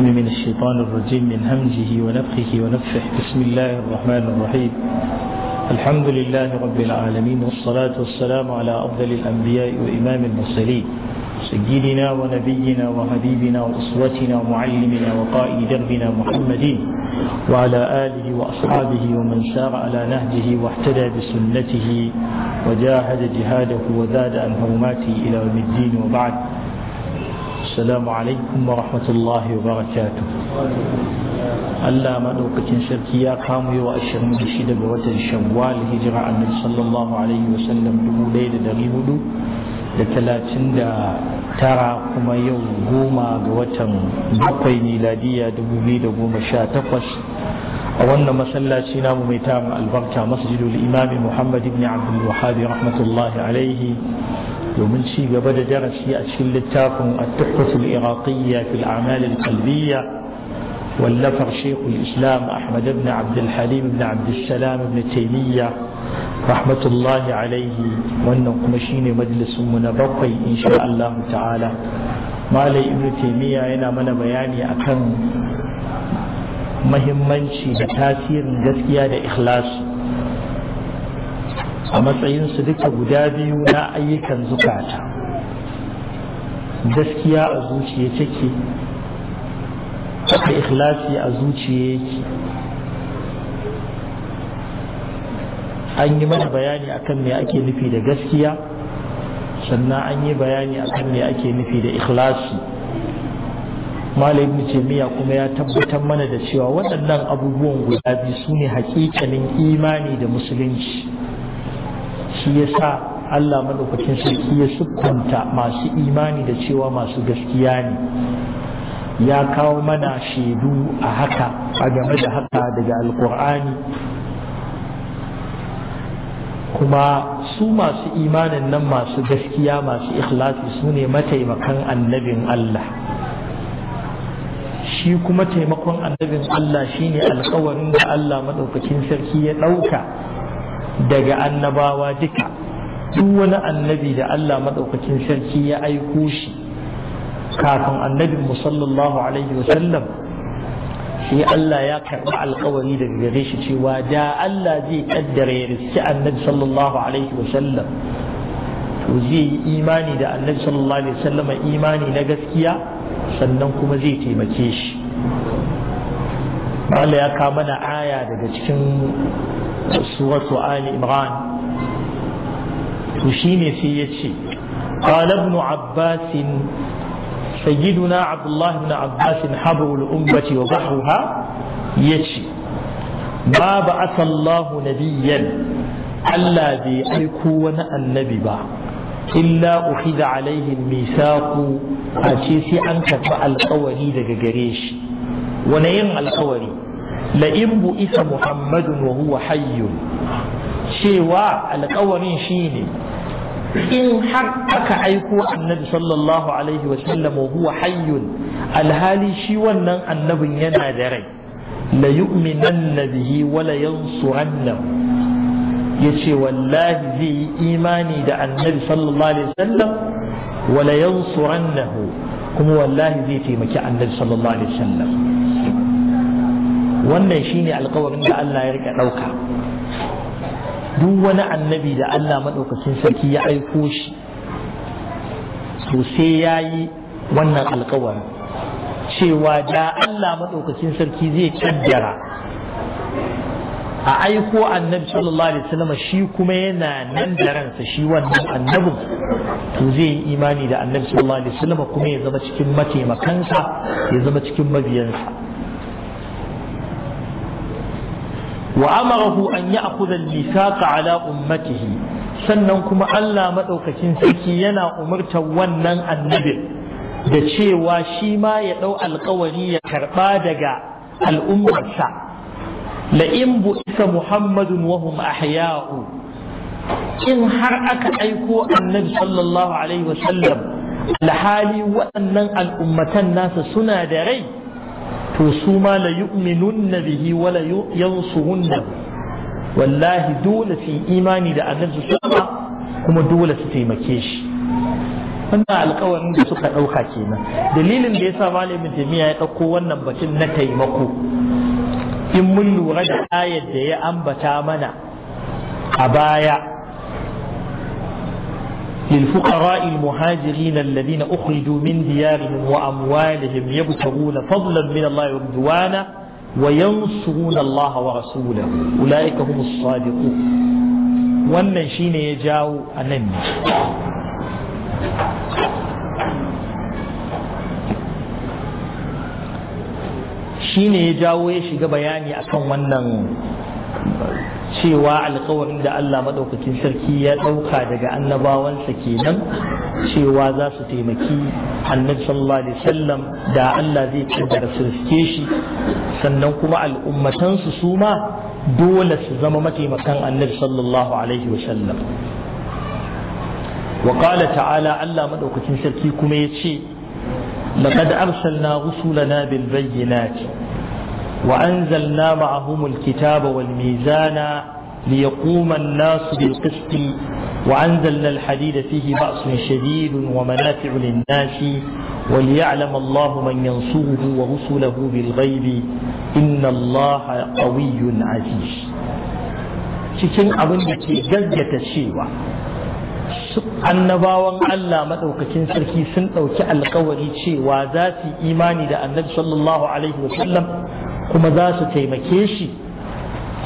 بالله من الشيطان الرجيم من همزه ونفخه ونفخه بسم الله الرحمن الرحيم الحمد لله رب العالمين والصلاة والسلام على أفضل الأنبياء وإمام المرسلين سيدنا ونبينا وحبيبنا وأسوتنا ومعلمنا وقائد دربنا محمد وعلى آله وأصحابه ومن سار على نهجه واحتدى بسنته وجاهد جهاده وزاد عن هرماته إلى يوم الدين وبعد السلام عليكم ورحمة الله وبركاته ألا مدوقة شركية قاموا وأشهر من شدة شوال هجرة النبي صلى الله عليه وسلم دمو ليلة دريهدو da talatin da tara kuma yau goma ga watan bakwai miladiya dubu biyu da goma sha takwas a wannan masallaci namu mai tamu albarka masjidul imami muhammad ibn abdul wahabi domin ci gaba da darasi a cikin littafin at tuhfah al iraqiyya fi al a'mal al-qalbiyya wallafar shaykh al-islam ahmad ibn abd al-halim ibn abd al salam ibn taymiyya rahmatullahi alayhi wannan kuma shine majalisun mu na bakwai insha Allah ta'ala malai ibn taymiyya yana mana bayani akan muhimmanci da tasirin gaskiya da ikhlasi a matsayinsu duka guda biyu na ayyukan zukata gaskiya a zuciya take haka ikhlasi a zuciya yake an yi mana bayani akan me ake nufi da gaskiya sannan an yi bayani akan me ake nufi da ikhlasi malamin jami'a kuma ya tabbatar mana da cewa waɗannan abubuwan guda biyu su ne hakikanin imani da musulunci shi ya sa Allah maɗaukacin sarki ya sukunta masu imani da cewa masu gaskiya ne ya kawo mana shaidu a haka a game da haka daga alkur'ani kuma su masu imanin nan masu gaskiya masu ikhlasi su ne mataimakan annabin Allah shi kuma taimakon annabin Allah shine alkawarin da Allah maɗaukacin sarki ya ɗauka daga annabawa duka duk wani annabi da Allah maɗaukacin sarki ya aiko shi kafin annabin mu sallallahu alaihi sallam shi Allah ya karɓi alkawari daga gare shi cewa da Allah zai kaddara ya riski annabi sallallahu alaihi sallam? to zai yi imani da annabi sallallahu alaihi wasallam imani na gaskiya sannan kuma zai taimake shi Allah ya kawo mana aya daga cikin suratu ali imran to shine sai ya ce qala ibn abbas سيدنا عبد الله بن عباس حبر الأمة وبحرها يشي ما بعث الله نبيا ألا بأيكون النبي با إلا أخذ عليه الميثاق أشيسي أنك فألقوري دقريش ونين القوري la'in bu'isa muhammadun wa huwa hayyun cewa alkawarin shine in har aka aiko annabi sallallahu alaihi wa sallam wa huwa hayyun alhali shi wannan annabin yana da rai la yu'minanna bihi wa la yansurannahu yace wallahi zai yi imani da annabi sallallahu alaihi wa sallam wa la yansurannahu kuma wallahi zai taimaki annabi sallallahu alaihi wa sallam wannan shine alkawarin da Allah ya rika ɗauka duk wani annabi da Allah maɗaukacin sarki ya aiko shi to sai ya yi wannan alkawarin cewa da Allah maɗaukacin sarki zai kaddara a aiko annabi sallallahu alaihi wasallam shi kuma yana nan da ransa shi wannan annabin to zai yi imani da annabi sallallahu alaihi wasallam kuma ya zama cikin mataimakansa ya zama cikin mabiyansa وأمره أن يأخذ الميثاق على أمته sannan kuma Allah maɗaukakin sarki yana umartar wannan annabin da cewa shi ma ya ɗau alkawari ya karɓa daga al'ummarsa la'in bu'isa Muhammadun wahum ahya'u in har aka aiko annabi sallallahu alaihi wasallam alhali waɗannan al'ummatan nasa suna da rai to su ma la yu'minunna bihi wa la yansurunna wallahi dole su imani da annabi sallallahu kuma dole su taimake shi wannan alkawarin da suka ɗauka kenan dalilin da yasa malamin jami'a ya ɗauko wannan batun na taimako in mun lura da ayar da ya ambata mana a baya للفقراء المهاجرين الذين أخرجوا من ديارهم وأموالهم يبتغون فضلا من الله ورضوانا وينصرون الله ورسوله أولئك هم الصادقون wannan shine ya jawo a nan ne shine ya jawo ya shiga bayani akan wannan cewa alkawarin da Allah maɗaukakin sarki ya ɗauka daga annabawansa kenan cewa za su taimaki annabi sallallahu alaihi wasallam da Allah zai kaddara su riske shi sannan kuma al'ummatansu su ma dole su zama mataimakan annabi sallallahu alaihi wasallam wa qala ta'ala Allah maɗaukakin sarki kuma ya ce laqad arsalna rusulana bil bayyinati وأنزلنا معهم الكتاب والميزان ليقوم الناس بالقسط وأنزلنا الحديد فيه بأس شديد ومنافع للناس وليعلم الله من ينصره ورسله بالغيب إن الله قوي عزيز cikin abin da ke gaggata cewa annabawan Allah maɗaukakin sarki sun ɗauki alkawari cewa za su imani da annabi sallallahu alaihi kuma za su taimake shi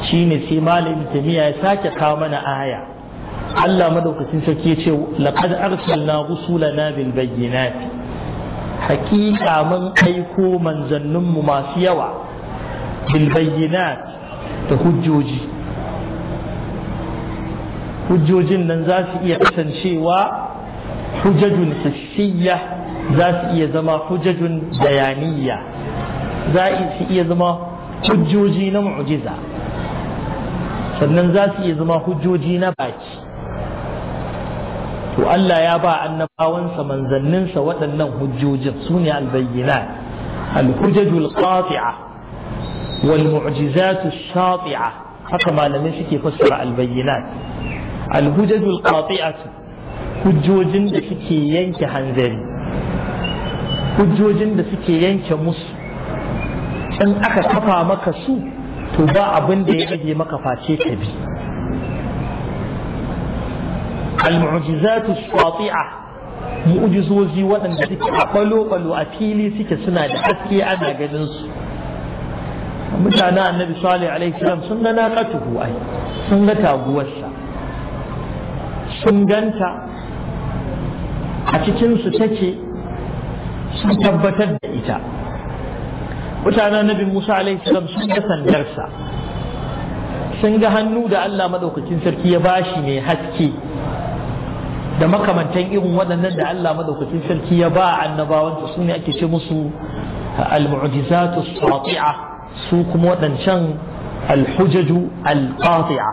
shi ne sai malamin tamiya ya sake kawo mana aya Allah madaukakin sarki ya ce laqad arsalna rusulana bil bayyinat hakika mun aiko mu masu yawa bil bayyinat da hujjoji hujjojin nan za su iya kasancewa hujjajun sassiya za su iya zama hujjajun bayaniya زائد يزما إيه حجوجين معجزة سنن زاسي إيه يزما حجوجين باج وألا يابا أن باون سمن زنن سوات النوم حجوجين سوني البينات الحجج القاطعة والمعجزات الشاطعة حكما لم يشك فسر البينات الحجج القاطعة حجوجين لسكي ينكي حنزل حجوجين لسكي ينكي مصر in aka kafa maka su to ba abin da ya rage maka face ka bi al-mu'jizatu as mu'jizozi waɗanda suke a balo a fili suke suna da haske ana ganin su mutanen annabi sallallahu alaihi wasallam sun ga naqatuhu ai sun ga taguwarsa sun ganta a cikin su take sun tabbatar da ita mutanen annabi Musa alaihi salam sun ga sandarsa sun ga hannu da Allah madaukakin sarki ya bashi mai haske da makamantan irin waɗannan da Allah madaukakin sarki ya ba annabawansa su ne ake ce musu al-mu'jizatu as su kuma waɗancan al-hujaju al-qati'a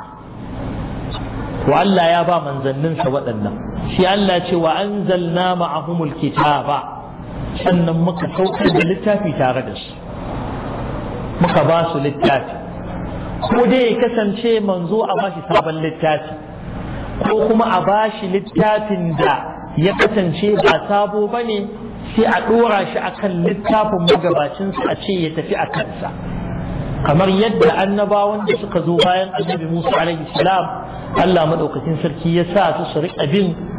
to Allah ya ba manzanninsa waɗannan shi Allah ce wa anzalna ma'ahumul kitaba sannan muka saukar da littafi tare da su muka ba su littafi ko dai ya kasance manzo a bashi sabon littafi ko kuma a bashi littafin da ya kasance ba sabo ba ne sai a ɗora shi akan littafin magabacinsa a ce ya tafi a kansa kamar yadda annabawan da suka zo bayan annabi Musa alaihi salam Allah maɗaukakin sarki ya sa su su bin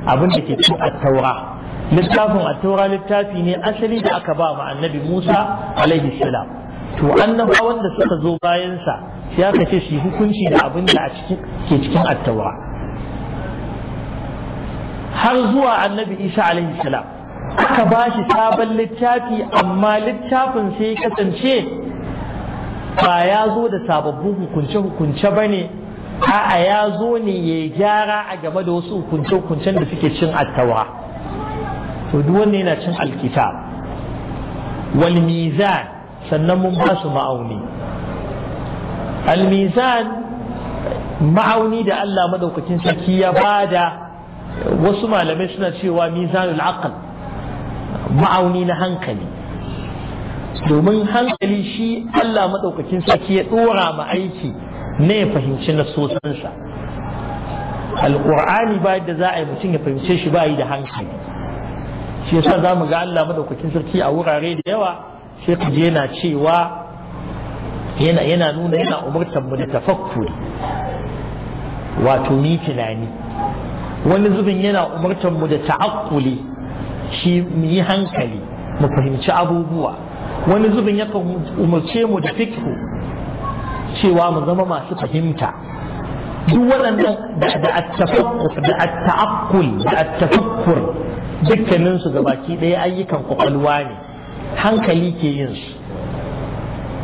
abin da ke cikin attaura taura littafin attaura taura littafi ne asali da aka ba ma annabi Musa alaihi salam to annabawan da suka zo bayansa ya ka ce hukunci da abin da ke cikin attawa har zuwa annabi isa alaihi salam aka ba shi sabon littafi amma littafin sai ya kasance ba ya zo da sababbin hukunce-hukunce ba ne a'a ya zo ne ya gyara a game da wasu hukunce-hukuncen da suke cin attawa to duk wanda yana cin alkitab wal mizan sannan mun ba su ma'auni almizan ma'auni da Allah madaukakin sarki ya bada wasu malamai suna cewa mizanul aqal ma'auni na hankali domin hankali shi Allah madaukakin sarki ya dora ma aiki ne ya fahimci na sosansa alƙur'ani ba da za a yi mutum ya fahimce shi ba yi da hankali shi yasa za mu ga Allah madaukakin sarki a wurare da yawa sai ku je yana cewa yana yana nuna yana umurtar mu da tafakkuri wato ni tunani wani zubin yana umurtar mu da ta'akkuli shi mu yi hankali mu fahimci abubuwa wani zubin ya umarce mu da fikhu cewa mu zama masu fahimta duk waɗannan da at-tafakkur da atta'akkul da attafakkur dukkanin su gabaki ɗaya ayyukan kwakwalwa ne hankali ke yin su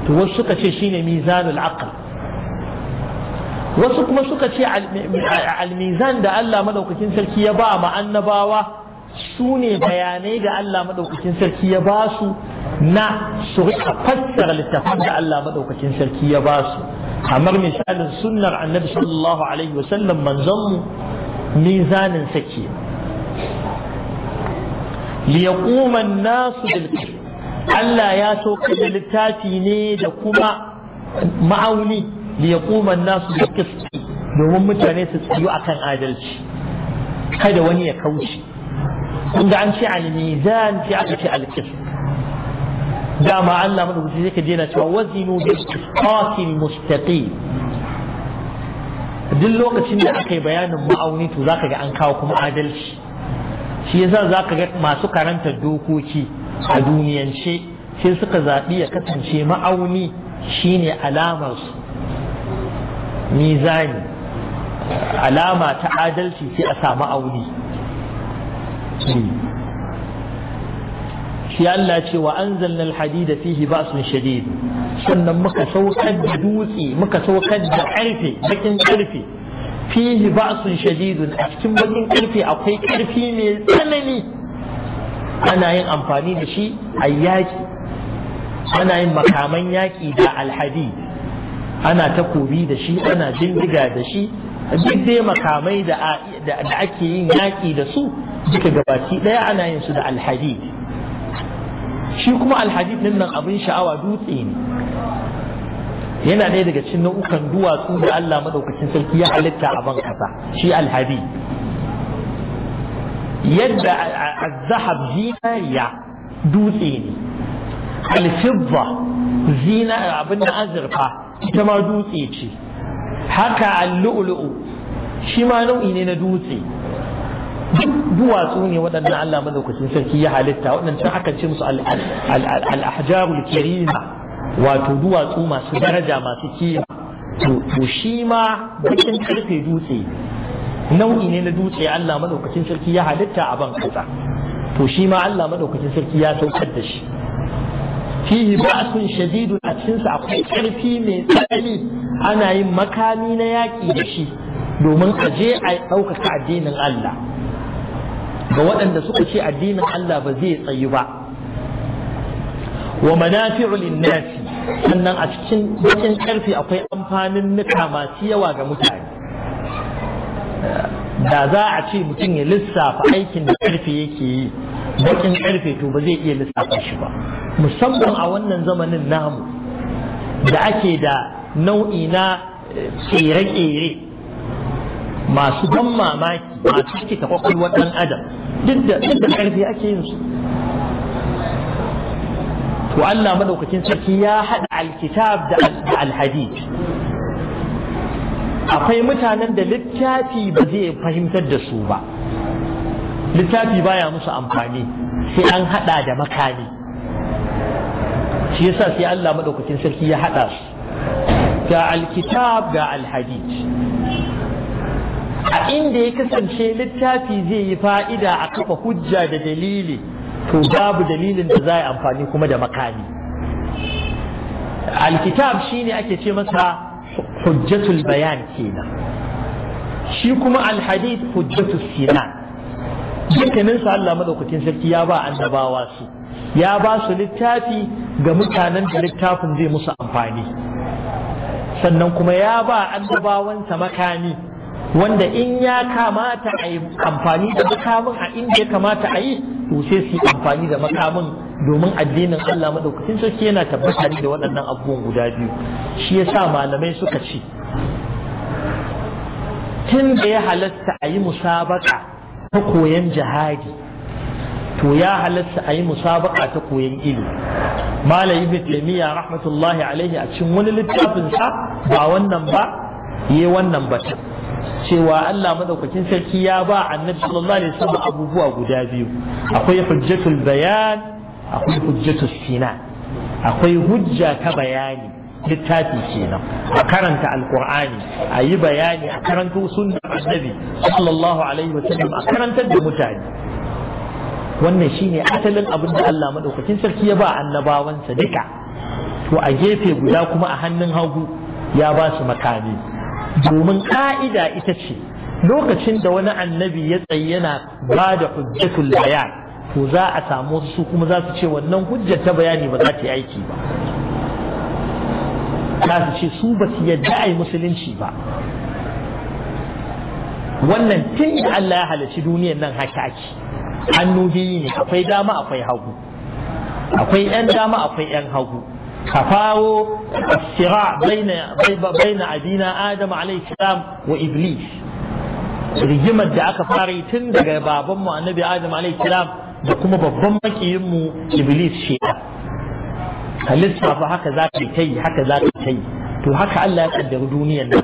to wasu suka ce shine mizanul aql wasu kuma suka ce almizan da Allah madaukakin sarki ya ba ma annabawa su ne bayanai da Allah madaukakin sarki ya ba su na su rika fassara littafin da Allah madaukakin sarki ya ba su kamar misalin sunnar annabi sallallahu alaihi wasallam manzon mu mizanin sake nasu الناس بالقسط Allah ya so da littafi ne da kuma ma'auni da ya kuma nasu da kiski domin mutane su tsayu akan adalci kada wani ya kauce kun an ce al-mizan sai aka ce al dama Allah madaukaki zai ka daina cewa wazinu bil qistatil mustaqim duk lokacin da aka yi bayanin ma'auni to zaka ga an kawo kuma adalci shi yasa zaka ga masu karanta dokoki a duniyance sai suka zaɓi ya kasance ma'auni shine alamar su mizani alama ta adalci sai a samu auni hmm. shi Allah ce wa anzalna alhadida fihi ba'sun shadid sannan muka saukar da dutse muka saukar da karfe bakin karfe fihi ba'sun shadidun a cikin bakin ƙarfe akwai ƙarfi mai tsanani ana yin amfani da shi a yaƙi ana yin makaman yaƙi da alhadi ana takobi da shi ana jindiga da shi duk dai makamai da ake yin yaƙi da su duka gabaki ɗaya ana yin su da alhadi shi kuma alhadi din nan abin sha'awa dutse ne yana ɗaya daga cikin nau'ukan duwatsu da Allah madaukakin sarki ya halitta a ban kasa shi alhadi yadda azahab zinariya dutse ne alfibba zina abin da azurfa ita ma dutse ce haka allu'ulu'u shi ma nau'i ne na dutse duwatsu ne waɗannan Allah madaukakin sarki ya halitta waɗancan aka ce musu al-ahjarul karima wato duwatsu masu daraja masu kima to shi ma bakin karfe dutse nau'i ne na dutse Allah madaukakin sarki ya halitta a ban kasa to shi ma Allah madaukakin sarki ya saukar da shi fihi ba'sun shadidun a cikin sa akwai karfi mai tsanani ana yin makami na yaki da shi domin a je a ɗaukaka addinin Allah ga waɗanda suka ce addinin Allah ba zai tsayu ba wa manafi'u lin-nasi sannan a cikin cikin karfi akwai amfanin nuka masu yawa ga mutane da za a ce mutum ya lissafa aikin da karfe yake yi bakin karfe to ba zai iya lissafa shi ba musamman a wannan zamanin namu da ake da nau'i na kere-kere eh, masu ban mamaki masu cike ta kwakwalwar ɗan adam duk da duk da karfe ake yin su to Allah madaukakin sarki ya haɗa alkitab da alhadith akwai mutanen da littafi ba zai fahimtar da su ba littafi baya musu amfani sai an hada da makami shi yasa sai Allah madaukakin sarki ya hada su ga alkitab ga alhadith a inda ya kasance littafi zai yi fa'ida a kafa hujja da dalili to babu dalilin da za a amfani kuma da makami alkitab shine ake ce masa hujjatul bayan kenan shi kuma alhadith hujjatul sinan dukkanin su Allah madaukakin sarki ya ba annabawa su ya ba su littafi ga mutanen da littafin zai musu amfani sannan kuma ya ba annabawansa makami wanda in ya kamata a amfani da makamin a inda ya kamata a yi to sai su yi amfani da makamin domin addinin Allah madaukakin sarki yana tabbata ne da waɗannan abubuwan guda biyu shi yasa malamai suka ce tun da ya halatta a yi musabaka ta koyon jihadi to ya halatta a yi musabaka ta koyan ilimi malam ibn rahmatullahi alaihi a cikin wani littafin sa ba wannan ba yi wannan batun cewa Allah maɗaukacin sarki ya ba annabi sallallahu alaihi wasallam abubuwa guda biyu akwai hujjatul bayan akwai hujjatu sina akwai hujja ta bayani littafi kenan a karanta alkur'ani a yi bayani a karanta sunnar annabi sallallahu alaihi wa sallam a karantar da mutane wannan shine asalin abin da Allah madaukakin sarki ya ba annabawansa duka to a gefe guda kuma a hannun hagu ya ba su makami domin ka'ida ita ce lokacin da wani annabi ya tsaye yana ba da hujjatul bayan to za a samu su kuma za su ce wannan hujjar ta bayani ba za ta yi aiki ba za su ce su ba su yadda a yi musulunci ba wannan tun da Allah ya halarci duniyar nan haka ake hannu biyu ne akwai dama akwai hagu akwai yan dama akwai yan hagu ka faro sira baina abina adam alayhi salam wa iblis rigimar da aka fara tun daga babanmu annabi adam alayhi salam da kuma babban mu iblis a halitta ba haka za ka ta yi haka za ka ta yi to haka Allah ya kaddara duniyar nan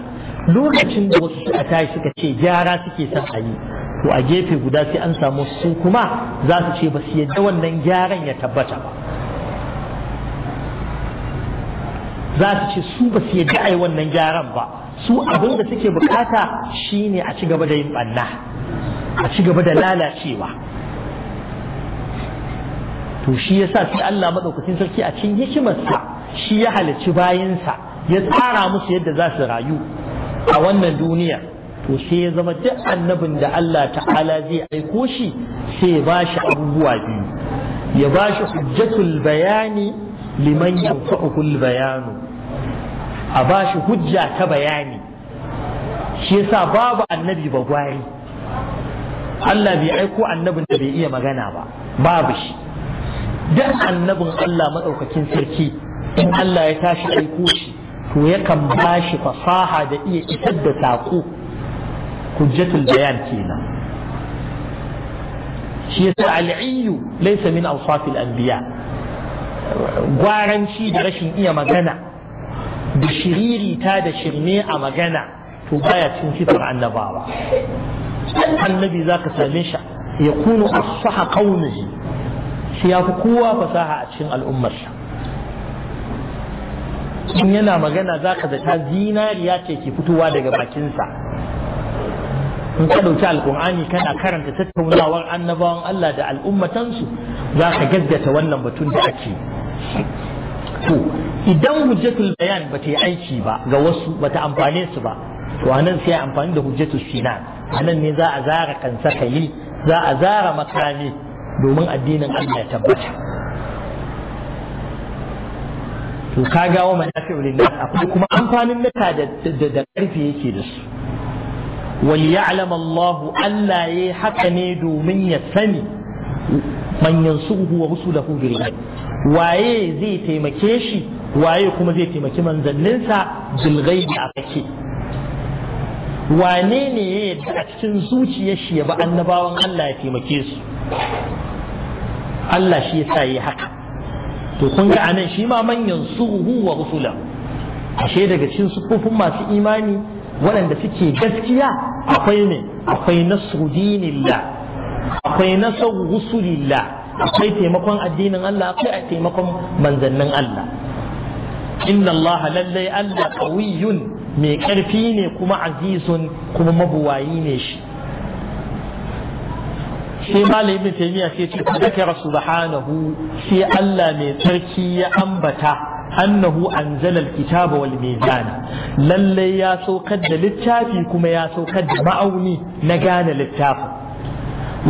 lokacin da wasu suka tashi suka ce gyara suke son a yi to a gefe guda sai an samu su kuma za su ce ba su yadda wannan gyaran ya tabbata ba za su ce su ba su yadda a wannan gyaran ba su abin da suke bukata shine a ci gaba da yin banna a ci gaba da lalacewa to shi yasa sai Allah madaukakin sarki a cikin hikimarsa shi ya halarci bayansa ya tsara musu yadda za su rayu a wannan duniya to sai ya zama duk annabin da Allah ta'ala zai aiko shi sai ya shi abubuwa biyu ya bashi hujjatul bayani liman yanfa'uhul bayanu a shi hujja ta bayani shi sa babu annabi ba gwari Allah bai aiko annabin da bai iya magana ba babu shi duk annabin Allah maɗaukakin sarki in Allah ya tashi aiko shi to yakan ba shi fasaha da iya isar da saƙo hujjatul bayan kenan shi yasa aliyu laysa min awsafil anbiya gwaranci da rashin iya magana da shiririta da shirme a magana to baya cin sifar annabawa annabi zaka same shi yakunu asaha qaumihi shi ya fi kowa fasaha a cikin al'ummarsa in yana magana za ka zata zinariya ce ke fitowa daga bakinsa in ka ɗauki alƙur'ani kana karanta tattaunawar annabawan Allah da al'ummatansu za ka gaggata wannan batun da ake to idan hujjatul bayan ba ta yi aiki ba ga wasu ba ta amfane su ba to anan sai amfani da hujjatul sinan anan ne za a zara kansa kayi za a zara makami domin addinin Allah ya tabbata to ka ga wa manafi'u lillah akwai kuma amfanin naka da da karfi yake da su wal ya'lam Allah Allah yi haka ne domin ya sani man yansuhu wa da bil waye zai taimake shi waye kuma zai taimaki manzanninsa bil ghaibi a fake wane ne ya yadda a cikin zuciyar shi ya ba annabawan Allah ya taimake su Allah shi yasa yi haka to kun ga anan shi ma manyan yansuhu wa rusula ashe daga cikin sufufin masu imani waɗanda suke gaskiya akwai ne akwai nasru dinillah akwai nasru rusulillah akwai taimakon addinin Allah akwai taimakon manzannin Allah inna Allah lallai Allah qawiyyun mai ƙarfi ne kuma azizun kuma mabuwayi ne shi sai malam ibn taymiya sai ce zakara subhanahu sai Allah mai tsarki ya ambata annahu anzala alkitaba wal mizana lalle ya saukar da littafi kuma ya saukar da ma'auni na gane littafin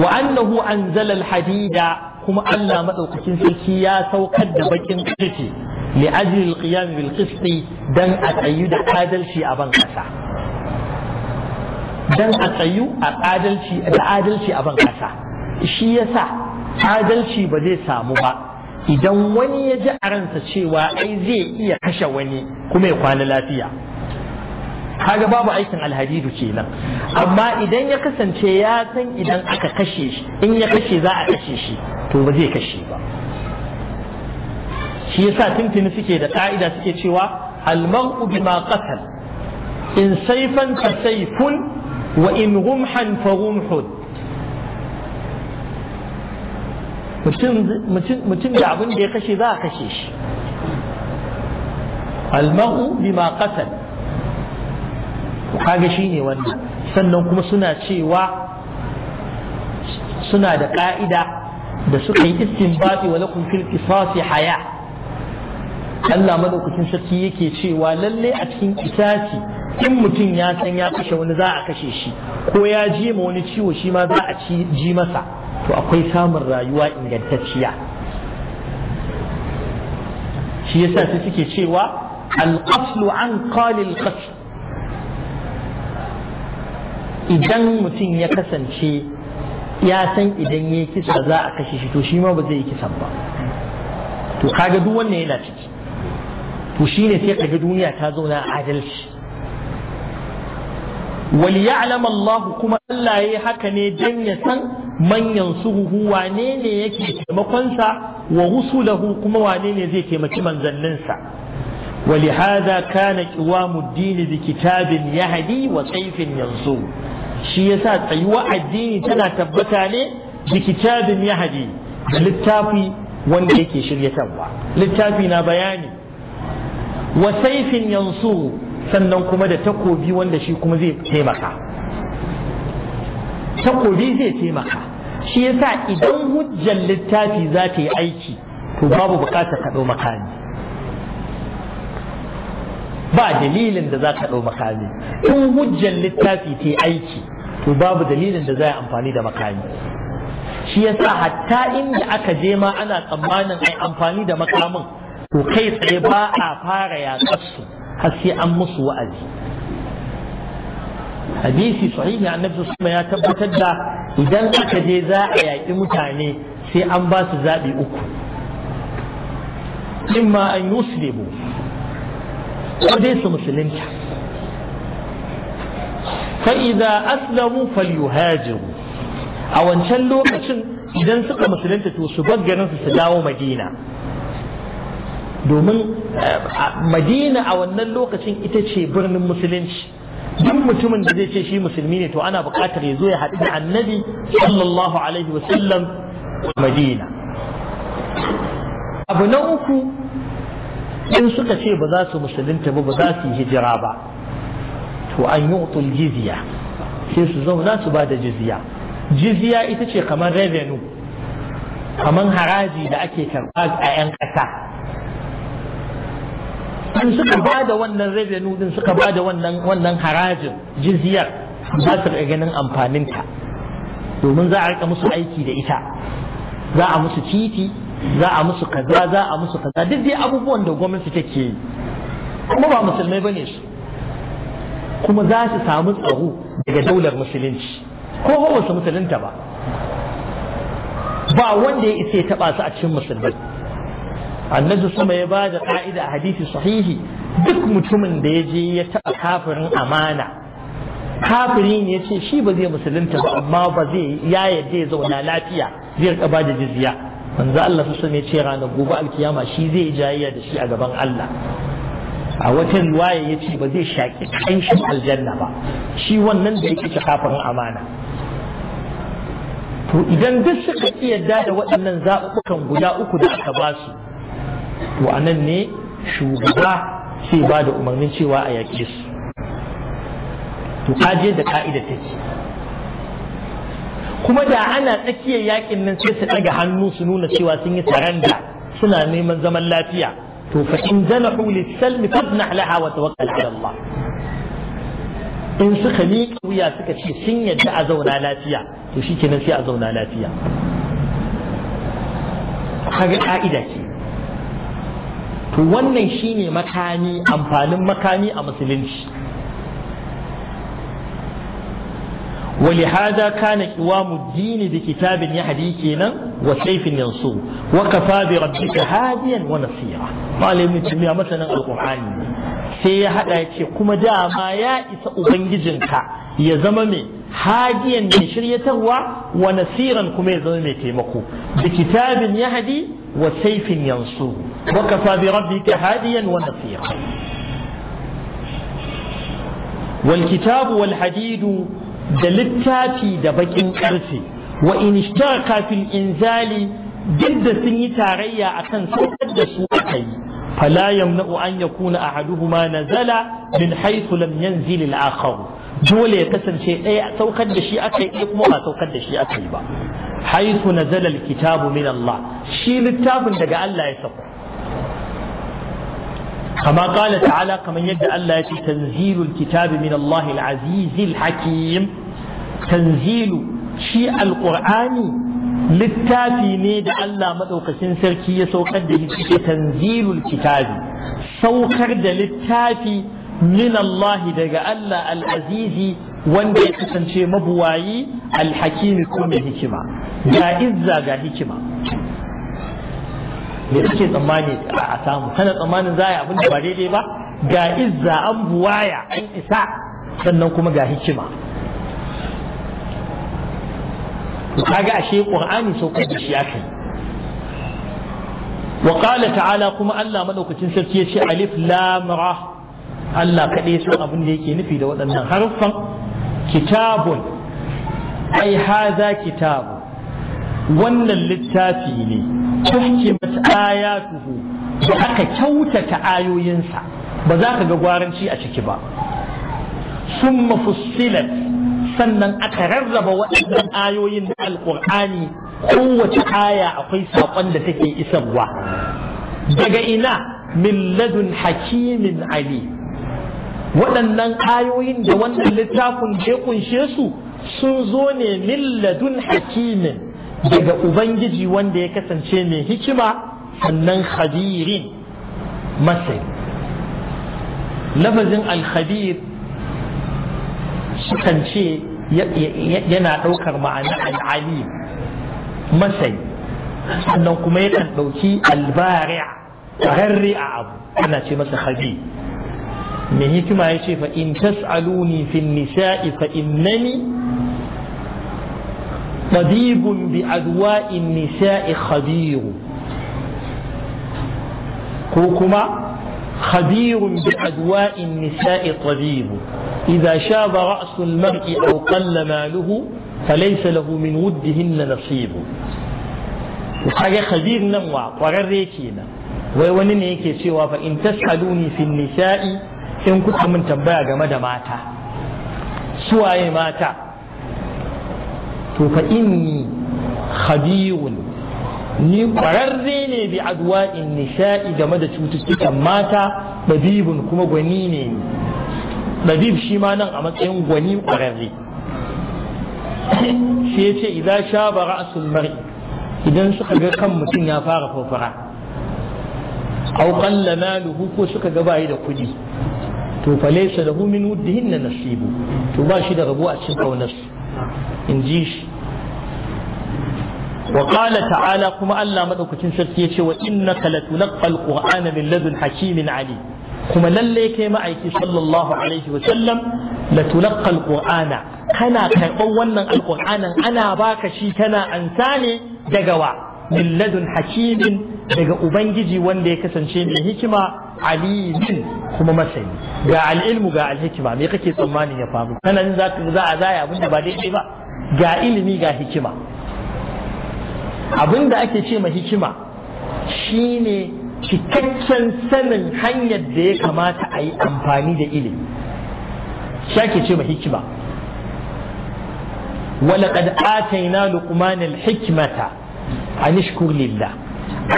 wa annahu anzala alhadida kuma Allah madaukakin sarki ya saukar da bakin kirki li ajli alqiyam bil qisti dan a tsayu da adalci a ban kasa dan a tsayu a adalci da adalci a ban kasa shi yasa adalci ba zai samu ba idan wani ya ji a ransa cewa ai zai iya kashe wani kuma ya kwana lafiya kaga babu aikin alhadidu kenan amma idan ya kasance ya san idan aka kashe shi in ya kashe za a kashe shi to ba zai kashe ba shi yasa tuntuni suke da ka'ida suke cewa almar'u bima qatal in saifan ta saifun wa in rumhan fa rumhun mutum da abin da ya kashe za a kashe shi almahu bima qatal kaga shine wannan sannan kuma suna cewa suna da ka'ida da suka yi istinbati wa lakum fil qisasi haya Allah madaukakin sarki yake cewa lalle a cikin kisasi in mutum ya san ya kashe wani za a kashe shi ko ya ji ma wani ciwo shi ma za a ji masa to akwai samun rayuwa ingantacciya shi yasa su suke cewa al'aslu an qalil qasl idan mutum ya kasance ya san idan ya kisa za a kashe shi to shi ma ba zai yi kisan ba to kaga duk wannan yana ciki to shine sai kaga duniya ta zauna adalci wal ya'lam Allah kuma Allah yayi haka ne dan ya san Manyan yansuhu wane ne yake taimakonsa wa rusulahu kuma wanene zai taimaki manzanninsa ولهذا كان قوام الدين بكتاب يهدي وسيف ينصر shi yasa tsayuwa addini tana tabbata ne bi Yahadi? yahdi littafi wanda yake shiryatarwa littafi na bayani wa saifin yansu sannan kuma da takobi wanda shi kuma zai taimaka takobi zai taimaka shi yasa idan hujjar littafi za ta yi aiki to babu bukatar ka ɗau makami ba dalilin da za ka ɗau makami in hujjar littafi ta yi aiki to babu dalilin da za yi amfani da makami shi yasa hatta inda aka je ma ana tsammanin ai amfani da makamin to kai tsaye ba a fara yaƙarsu har sai an musu wa'azi hadisi sahihi annabi sallallahu ya tabbatar da idan aka je za a yaƙi mutane sai an ba su zaɓi uku imma an yuslimu ko dai su musulunta fa idza aslamu falyuhajiru a wancan lokacin idan suka musulunta to su bar su su dawo madina domin eh, madina a wannan lokacin ita ce birnin musulunci duk mutumin da zai ce shi musulmi ne to ana buƙatar ya zo ya haɗu da annabi sallallahu alaihi sallam. madina abu na uku in suka ce ba za su musulunta ba ba za su yi hijira ba to an yi utul jizya sai su zauna su ba da jizya jizya ita ce kamar revenue kamar haraji da ake karɓa a 'yan ƙasa in suka ba da wannan revenue din suka ba da wannan harajin jizyar za su ga ganin amfaninta domin za a rika musu aiki da ita za a musu titi za a musu kaza za a musu kaza duk dai abubuwan da gwamnati take yi kuma ba musulmai bane su kuma za su samu tsaro daga daular musulunci ko ba musulunta ba ba wanda ya isa ya taɓa su a cikin musulmai annabi sama ya ba da ka'ida a hadisi sahihi duk mutumin da ya je ya taɓa kafirin amana kafiri ne ya ce shi ba zai musulunta ba amma ba zai ya yadda ya zauna lafiya zai rika ba da jizya manzo Allah sun ya ce ranar gobe alkiyama shi zai jayayya da shi a gaban Allah a wata riwaya ya ce ba zai shaƙi kanshin aljanna ba shi wannan da yake kafirin amana to idan duk suka iya da waɗannan zaɓuɓɓukan guda uku da aka ba su to a nan ne shugaba sai ba da umarnin cewa a yaƙe su to kaje da ka'ida take kuma da ana tsakiyar yakin nan sai su ɗaga hannu su nuna cewa sun yi saranda suna neman zaman lafiya to fa in zana lis-salm fadnah laha wa tawakkal 'ala Allah in suka miƙa wuya suka ce sun yadda a zauna lafiya to shikenan sai a zauna lafiya kaga ka'ida ce to wannan shine makami amfanin makami a musulunci ولهذا كان قوام الدين بكتاب يهدي كينا وسيف ينصر وكفى بربك هاديا ونصيرا قال ابن تيميه مثلا القران sai ya haɗa ya ce kuma dama ya isa ubangijinka ya zama mai hadiyan mai shiryatarwa wa nasiran kuma ya zama mai taimako da kitabin yahdi wa saifin yansu وكفى بربك هاديا ونصيرا والكتاب والحديد دلتاتي دبكين كرسي وإن اشتركا في الإنزال جد سني تاريا أكن سوكد سوكي فلا يمنع أن يكون أحدهما نزل من حيث لم ينزل الآخر dole ya kasance ɗaya saukar da shi aka yi ɗaya kuma ba saukar da shi aka yi ba haitu na zalal kitabu min Allah shi littafin daga Allah ya sauko kama kala ta'ala kamar yadda Allah ya ce tanzilul kitabi minallahi Allah al-azizil hakim tanzilu shi Alƙur'ani, littafi ne da Allah madaukakin sarki ya saukar da shi tanzilul kitabi saukar da littafi minallahi daga Allah al-azizi wanda ya kasance mabuwayi al-hakimi kuma hikima ga izza ga hikima me kake tsammani a samu kana tsammanin za a yi abin da ba daidai ba ga izza an buwaya an isa sannan kuma ga hikima kaga ashe qur'ani so da shi akai wa qala ta'ala kuma Allah madaukakin sarki yace alif lam ra Allah kade so abin da yake nufi da waɗannan harfan kitabun ai haza kitabun wannan littafi ne aya tuhu da aka kyautata ayoyinsa ba za ka ga gwaranci a ciki ba sun mafussilat sannan aka rarraba waɗannan ayoyin na alƙur'ani kowace aya akwai saƙon da take isarwa daga ina min ladun hakimin ali waɗannan ayoyin da wannan littafin ya kunshe su sun zo ne min ladun hakimin daga ubangiji wanda ya kasance mai hikima sannan Khabirin, masai lafazin alkhadir sukan ce yana ɗaukar ma'ana al'alim masai sannan kuma yakan ɗauki albari ƙararri a abu ana ce masa Khabir. mai hikima ya ce fa in tas'aluni fin nisa'i fa innani طبيب بأدواء النساء خبير كوكما خبير بأدواء النساء طبيب إذا شاب رأس المرء أو قل ماله فليس له من ودهن نصيب وحاجة خبير نوع وغريكينا ريكينا ويوانين يكي سوا فإن تسألوني في النساء إن كنت من تنبأ جمد ماتا سواء ماتا to fa inni khabirun ni kwararre ne bi in nisha'i game da cututtukan mata dabibun kuma gwani ne ni dabib shi ma nan a matsayin gwani kwararre shi ya ce idan sha ba ra'asul mar'i idan suka ga kan mutum ya fara fafara au qalla maluhu ko suka ga bayi da kuɗi to fa laysa lahu min wuddihin nasibu to ba shi da rabo a cikin kaunarsu in ji shi wa ƙala ta'ala kuma Allah madaukakin sarki yace wa inna latulaqqal qur'ana min ladun hakimin ali kuma lalle kai ma'aiki sallallahu alaihi wa sallam latulaqqal qur'ana kana karɓar wannan alqur'anan ana baka shi kana ansa ne daga wa min ladun hakimin daga ubangiji wanda ya kasance mai hikima alimin kuma masani ga al'ilmu ga alhikima me kake tsammanin ya faru Kana za za a zaya abin da ba daidai ba ga ilimi ga hikima abin da ake ce ma hikima shine cikakken sanin hanyar da ya kamata a yi amfani da ilimi shi ake ce ma hikima ولقد آتينا لقمان الحكمة أن اشكر لله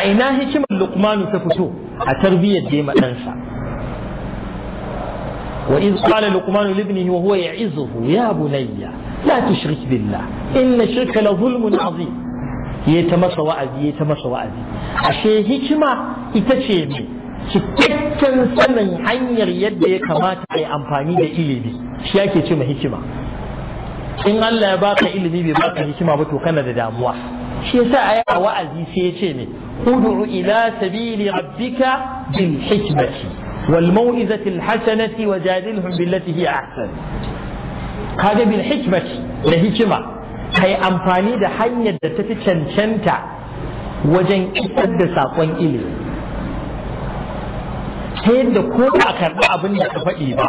أين هكما لقمان fito? a tarbiyyar dai maɗansa wa iz qala luqman li ibnihi wa huwa ya'izuhu ya bunayya la tushrik billah inna shirka la zulmun azim yayi ta masa wa'azi yayi ta masa wa'azi ashe hikima ita ce me cikakken sanin hanyar yadda ya kamata a yi amfani da ilimi shi yake ce hikima in Allah ya baka ilimi bai baka hikima ba to kana da damuwa shi yasa a wa'azi sai ya ce ne ادع إلى سبيل ربك بالحكمة والموعظة الحسنة وجادلهم بالتي هي أحسن هذا بالحكمة لهكمة هي أمفاني ده حنية ده تتشنشنتا وجن إسد ساقوين إلي sai da ko a karɓi abin da ka faɗi ba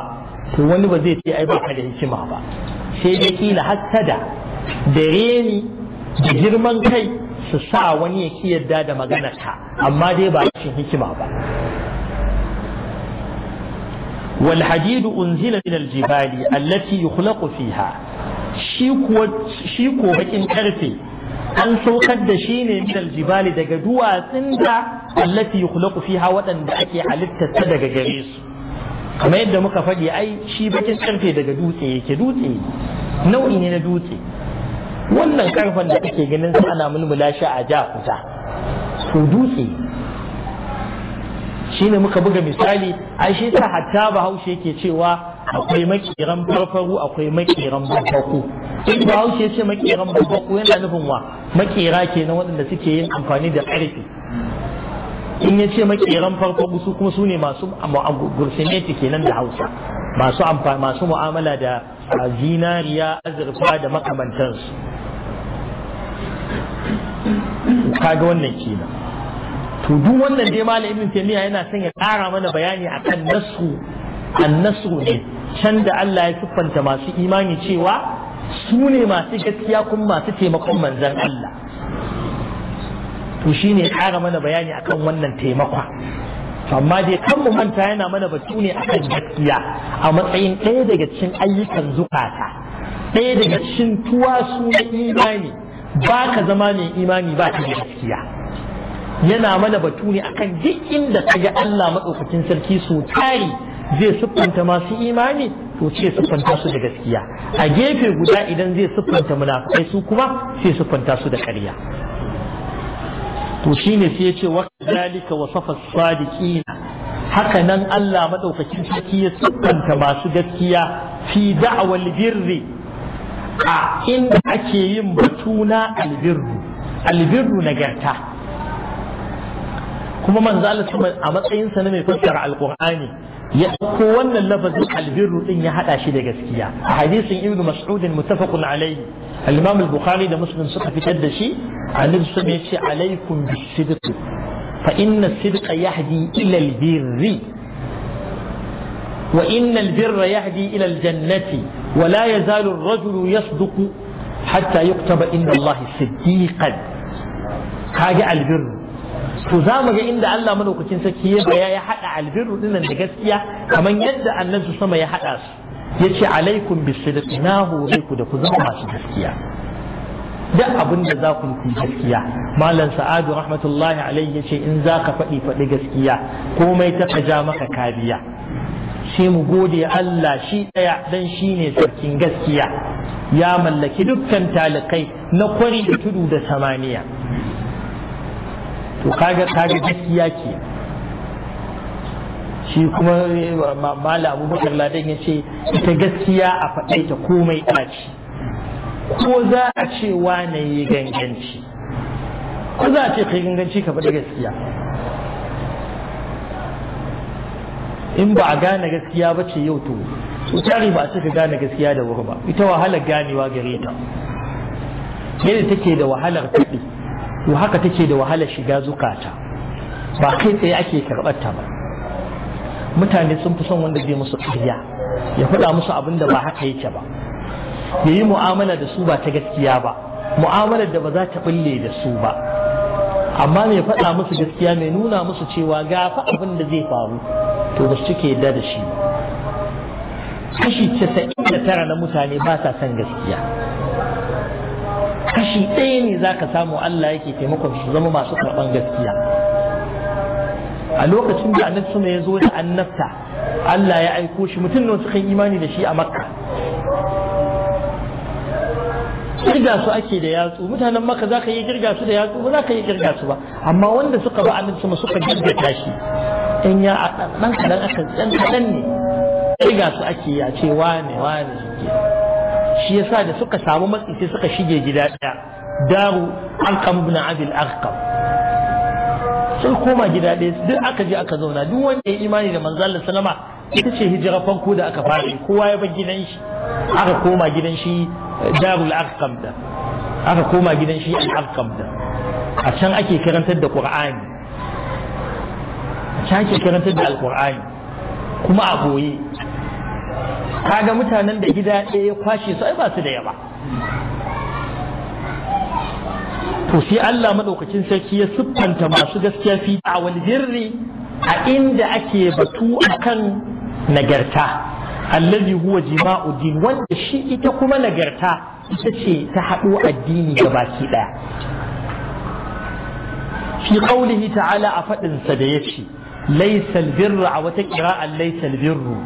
to wani ba zai ce ai ba ka da hikima su sa wani ya ki yadda da maganarka amma dai ba cikin hikima ba wal unzila min al jibali allati yukhlaqu fiha shi ko bakin karfe an saukar da shi ne min al daga duwatsun da allati yukhlaqu fiha waɗanda ake ta daga gare su kamar yadda muka faɗi ai shi bakin karfe daga dutse yake dutse nau'i ne na dutse wannan karfan da kake ganin su ana mulmula shi a ja kuta su dutse shine muka buga misali ai shi ta hatta bahaushe ke cewa akwai makiran farfaru akwai makiran babbaku in bahaushe ya ce makiran babbaku yana nufin wa makera kenan waɗanda suke yin amfani da ƙarfi in ya ce makeran farfaru su kuma su ne masu kenan da hausa masu mu'amala da zinariya azurfa da makamantansu kaga wannan kenan to duk wannan dai malamin ibn taymiya yana son ya kara mana bayani akan nasu annasu ne can da Allah ya siffanta masu imani cewa su ne masu gaskiya kuma masu taimakon manzon Allah to shine ya kara mana bayani akan wannan taimakon amma dai kan mu manta yana mana batu ne akan gaskiya a matsayin ɗaya daga cikin ayyukan zukata ɗaya daga cikin tuwasu na imani ba ka zama mai imani ba ka da gaskiya yana mana batu ne akan duk inda ka ga Allah maɗaukakin sarki su tari zai siffanta masu imani to ce siffanta su da gaskiya a gefe guda idan zai siffanta munafikai su kuma sai siffanta su da ƙarya to shine sai ya ce wa zalika wa safa sadiqina haka nan Allah maɗaukakin sarki ya siffanta masu gaskiya fi da'awal birri a inda ake yin batu na albirru albirru nagarta kuma manzo Allah a matsayinsa na mai fassara alqur'ani ya ko wannan lafazin albirru din ya hada shi da gaskiya a hadisin ibnu mas'ud muttafaqun alayhi al-imam al-bukhari da muslim suka fitar da shi annabi sallallahu alaihi alaykum bis-sidq fa inna as-sidqa yahdi ila al-birri wa inna al-birra yahdi ila al-jannati ولا ya الرجل يصدق حتى يكتب إن الله صديقا كاجع البر to za mu ga inda Allah madaukakin sarki ya baya ya haɗa albirru dinnan da gaskiya kamar yadda annabi sama ya hada su yace alaikum bisidqi na hore ku da ku zama masu gaskiya duk abin za ku yi gaskiya malam sa'adu rahmatullahi alaihi ce in za ka faɗi faɗi gaskiya komai ta ja maka kariya sai mu gode Allah shi ɗaya dan shi ne sarkin gaskiya ya mallaki dukkan talikai na kwari da tudu da samaniya to kaga kaga gaskiya ke shi kuma mala abubakar ladan ya ce ita gaskiya a faɗai ta komai ɗaci ko za a ce wane yi ganganci ko za a ce kai ganganci ka faɗi gaskiya in ba a gane gaskiya ba ce yau to su tari ba suka gane gaskiya da wuri ba ita wahalar ganewa gare ta yadda take da wahalar kuɗi to haka take da wahalar shiga zukata ba kai tsaye ake karɓar ta ba mutane sun fi son wanda zai musu ƙarya ya faɗa musu abin da ba haka yake ba ya yi mu'amala da su ba ta gaskiya ba mu'amalar da ba za ta ɓulle da su ba amma mai faɗa musu gaskiya mai nuna musu cewa ga fa abin da zai faru to ba su ke yadda da shi kashi casa'in da tara na mutane ba sa son gaskiya kashi ɗaya ne za ka samu Allah yake taimakon su zama masu karɓan gaskiya a lokacin da annabi sama ya zo da annabta Allah ya aiko shi mutum ne suka imani da shi a makka kirga su ake da yatsu mutanen maka za ka yi kirga su da yatsu ba za ka yi kirga su ba amma wanda suka ba annabi sama suka girgata shi in ya a ɗan kaɗan aka ɗan kaɗan ne Sai ga su ake ce, a ce wane wane shi ya sa da suka samu matsi sai suka shige gida ɗaya daru alkam bin abil alkam sai koma gida ɗaya duk aka je aka zauna duk wanda ya imani da manzo Allah ita ce hijira farko da aka fara kowa ya bar gidan shi aka koma gidan shi eh, darul al da aka koma gidan shi al arqam da a can ake karantar da qur'ani sake karantar da alkur'ani kuma a goye kaga mutanen da gida ɗaya ya kwashe su ai ba su da yawa to sai Allah madaukakin sarki ya siffanta masu gaskiya fi da'awal birri a inda ake batu akan nagarta allazi huwa jima'u din wanda shi ita kuma nagarta ita ce ta haɗu addini gabaki ɗaya fi qaulihi ta'ala a faɗinsa da yace Laisal birru a wata qira'a laysal birru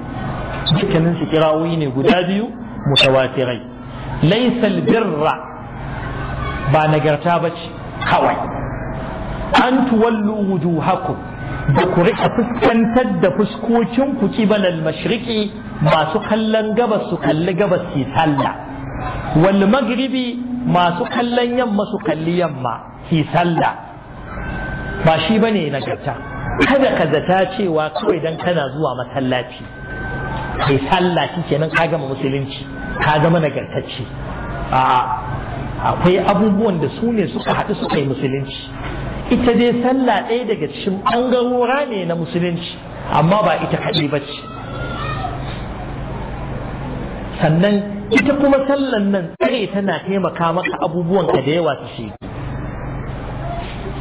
dukkanin su kirawoyi ne guda biyu mutawatirai laisal birra ba nagarta bace kawai an tuwallu wujuhakum da ku rika fuskantar da fuskocin ku kibalal mashriqi masu kallon gabas su kalli gabas ke sallah wal magribi masu kallon yamma su kalli yamma ke salla, ba shi bane nagarta kada ka zata cewa kawai dan kana zuwa masallaci kai sallaci kenan ka gama musulunci ka zama nagartacce a akwai abubuwan da su ne suka haɗu suka yi musulunci ita dai sallah ɗaya daga cikin ɓangarora ne na musulunci amma ba ita kaɗai ba ce sannan ita kuma sallan nan tsare tana taimaka maka abubuwan ka da yawa su shi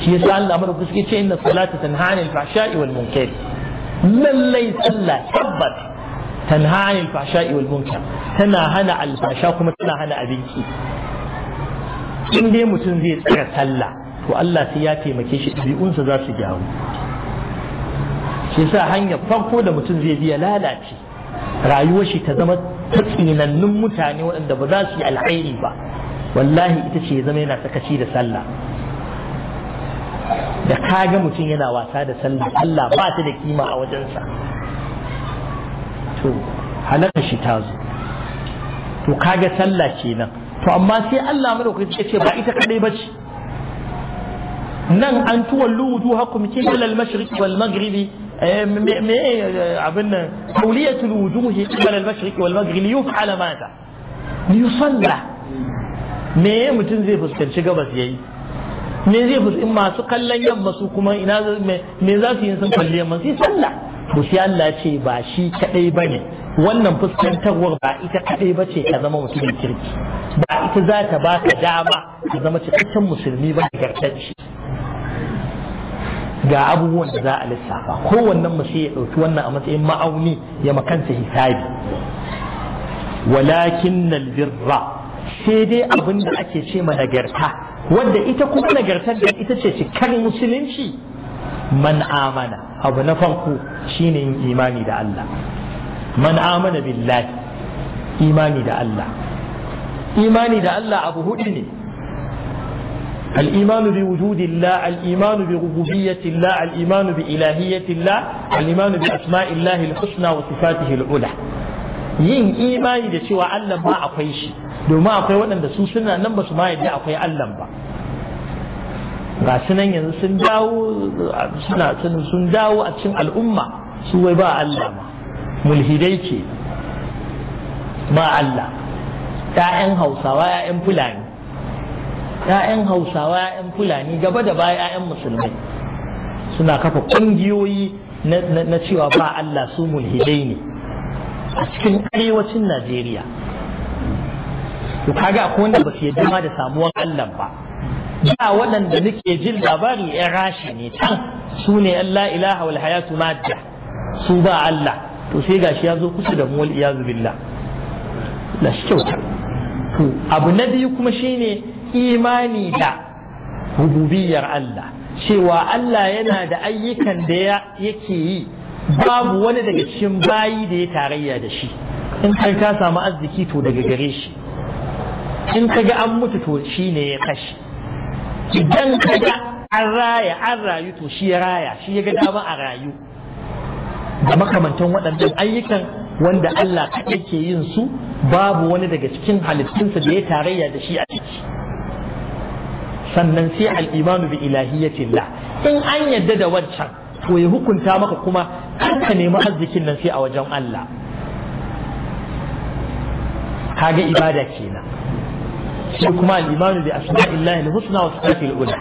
shi yasa Allah mara kuske ce inna salata tanha anil fahsha'i wal munkar lallai sallah tabbat tanha anil fahsha'i wal munkar tana hana alfasha kuma tana hana abinci in dai mutum zai tsara sallah to Allah sai ya taimake shi ɗabi'unsa za su gyaru shi sa hanyar farko da mutum zai biya lalace rayuwar shi ta zama ta tsinannun mutane waɗanda ba za su yi alheri ba wallahi ita ce ya zama yana sakaci da sallah da kaga mutum yana wasa da sallah Allah ba ta da kima a wajensa to halaka shi ta zo to kaga sallah kenan to amma sai Allah madaukakin ya ce ba ita kadai bace nan an tuwallu wujuhakum qibla al-mashriq wal maghribi eh, me eh, abin nan tawliyatul wujuhi qibla al-mashriq wal maghribi yuf'ala mata yusalla me mutum zai fuskanci gabas yayi me zai fi in masu kallon yamma su kuma ina me za su yi sun kalli yamma sai sallah ba sai Allah ce ba shi kadai bane wannan fuskantarwar ba ita kadai ba ce ka zama mutumin kirki ba ita za ta baka dama ka zama cikakken musulmi ba gartacci ga abubuwan da za a lissafa kowannen mu ya ɗauki wannan a matsayin ma'auni ya makanta hisabi walakin nalbirra sai dai abin da ake ce ma nagarta wadda ita kuma nagartar da ita ce cikar musulunci man amana abu na farko shine yin imani da Allah man amana billahi imani da Allah imani da Allah abu hudu ne الإيمان بوجود الله الإيمان بربوبية الله الإيمان بإلهية الله الإيمان بأسماء الله الحسنى وصفاته العلى yin imani da cewa Allah ma akwai shi domin akwai waɗanda su suna nan ba su ma yadda akwai Allah ba ga su yanzu sun dawo suna sun dawo a cikin al'umma su wai ba Allah ma mulhidai ce ba Allah ‘ya'yan hausawa ‘ya'yan fulani ‘ya'yan hausawa ‘ya'yan fulani gaba da baya ‘ya'yan musulmai suna kafa ƙungiyoyi na cewa ba Allah su mulhidai ne a cikin arewacin Najeriya to kaga akwai wanda ba su yi ma da samuwar Allah ba ba waɗanda nake jin labari ya rashi ne can su ne Allah ilaha wal hayatu madda su ba Allah to sai gashi ya zo kusa da mu wal iyazu billah la shi kyauta to abu na biyu kuma shine imani da rububiyar Allah cewa Allah yana da ayyukan da yake yi babu wani daga cikin bayi da ya tarayya da shi in kai ka samu arziki to daga gare shi in ka ga an mutu to shi ne ya kashe idan ka ga an raya an rayu to shi ya raya shi ya ga dama a rayu da makamantan waɗannan ayyukan wanda Allah kaɗai ke yin su babu wani daga cikin halittunsa da ya tarayya da shi a ciki sannan sai al'imanu bi ilahiyyatillah in an yadda da wancan to ya hukunta maka kuma an ka nemi arzikin nan sai a wajen Allah Ka ga ibada kenan sai kuma al da bi asma'illahi na husna wa sifatil ula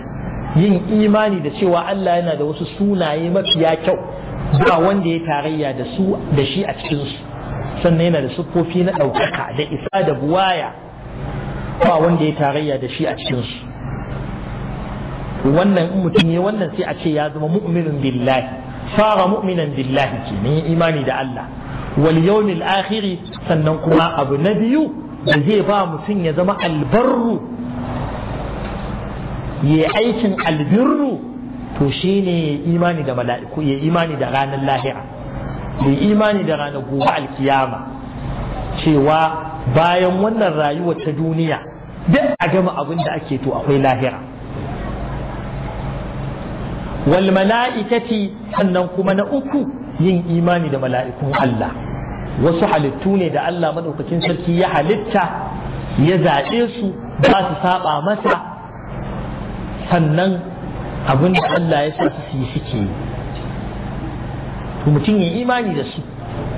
yin imani da cewa Allah yana da wasu sunaye mafiya kyau ba wanda ya tarayya da su da shi a cikinsu. sannan yana da siffofi na ɗaukaka da isa da buwaya ba wanda ya tarayya da shi a cikinsu. wannan in mutum ya wannan sai a ce ya zama mu'minin billahi fara mu'minan billahi kenan imani da Allah wal yawmil akhiri sannan kuma abu na biyu da zai ba mutum ya zama albarru ya aikin albirru to shine imani da mala'iku ya imani da ranar lahira ya imani da ranar gobe alkiyama cewa bayan wannan rayuwa ta duniya duk a gama abin da ake to akwai lahira wal mala'ikati sannan kuma na uku yin imani da mala'ikun Allah wasu halittu ne da Allah madaukakin sarki ya halitta ya zaɓe su ba su saba masa sannan abin da Allah ya sa su yi suke yi mutum ya imani da su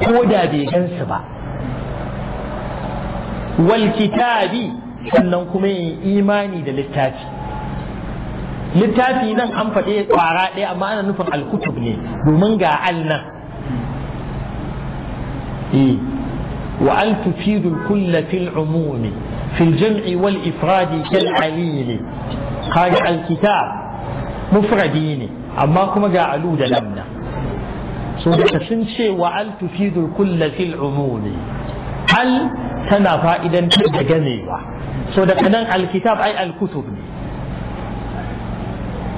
ko da bai su ba wal kitabi sannan kuma yi imani da littafi littafi nan an faɗe ƙwara ɗaya amma ana nufin alkutub ne domin ga al nan إيه؟ وأن تفيد الكل في العموم في الجمع والإفراد كالعليل قال الكتاب مفردين أما كما جاء دلمنا لمنا سورة سنشي وأن تفيد الكل في العموم هل تنا فائدا جميعا سورة نان الكتاب أي الكتب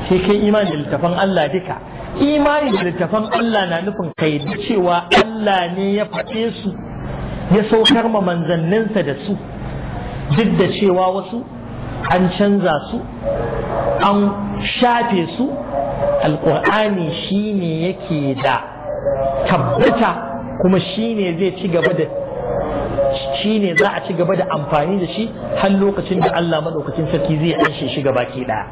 كي إيمان التفن الله ذكر imani da littafan Allah na nufin kai cewa Allah ne ya faɗe su ya saukar ma manzanninsa da su duk da cewa wasu an canza su an shafe su alƙur'ani shi ne yake da tabbata kuma shi ne zai ci gaba da shi ne za a ci gaba da amfani da shi har lokacin da Allah maɗaukacin sarki zai anshe shi gaba ke ɗaya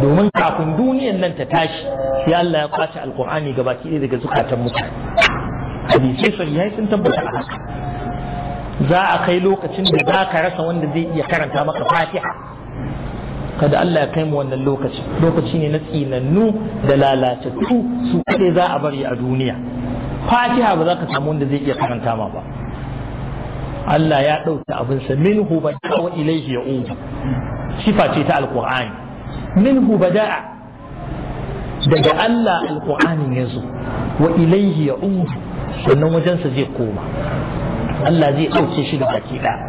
domin kafin duniyan nan ta tashi sai Allah ya kwace alkur'ani gaba ke ɗaya daga zukatan mutane hadisai sahihai sun tabbata a haka za a kai lokacin da za ka rasa wanda zai iya karanta maka fatiha kada Allah ya kai mu wannan lokaci lokaci ne na tsinannu da lalatattu su kaɗai za a bari a duniya fatiha ba za ka samu wanda zai iya karanta ma ba Allah ya ɗauki abinsa min huba wa ilaihi ya'udu sifa ce ta min huba bada'a daga Allah alqur'anin ya zo wa ilaihi ya'udu sannan wajensa zai koma Allah zai ɗauke shi da baki ɗaya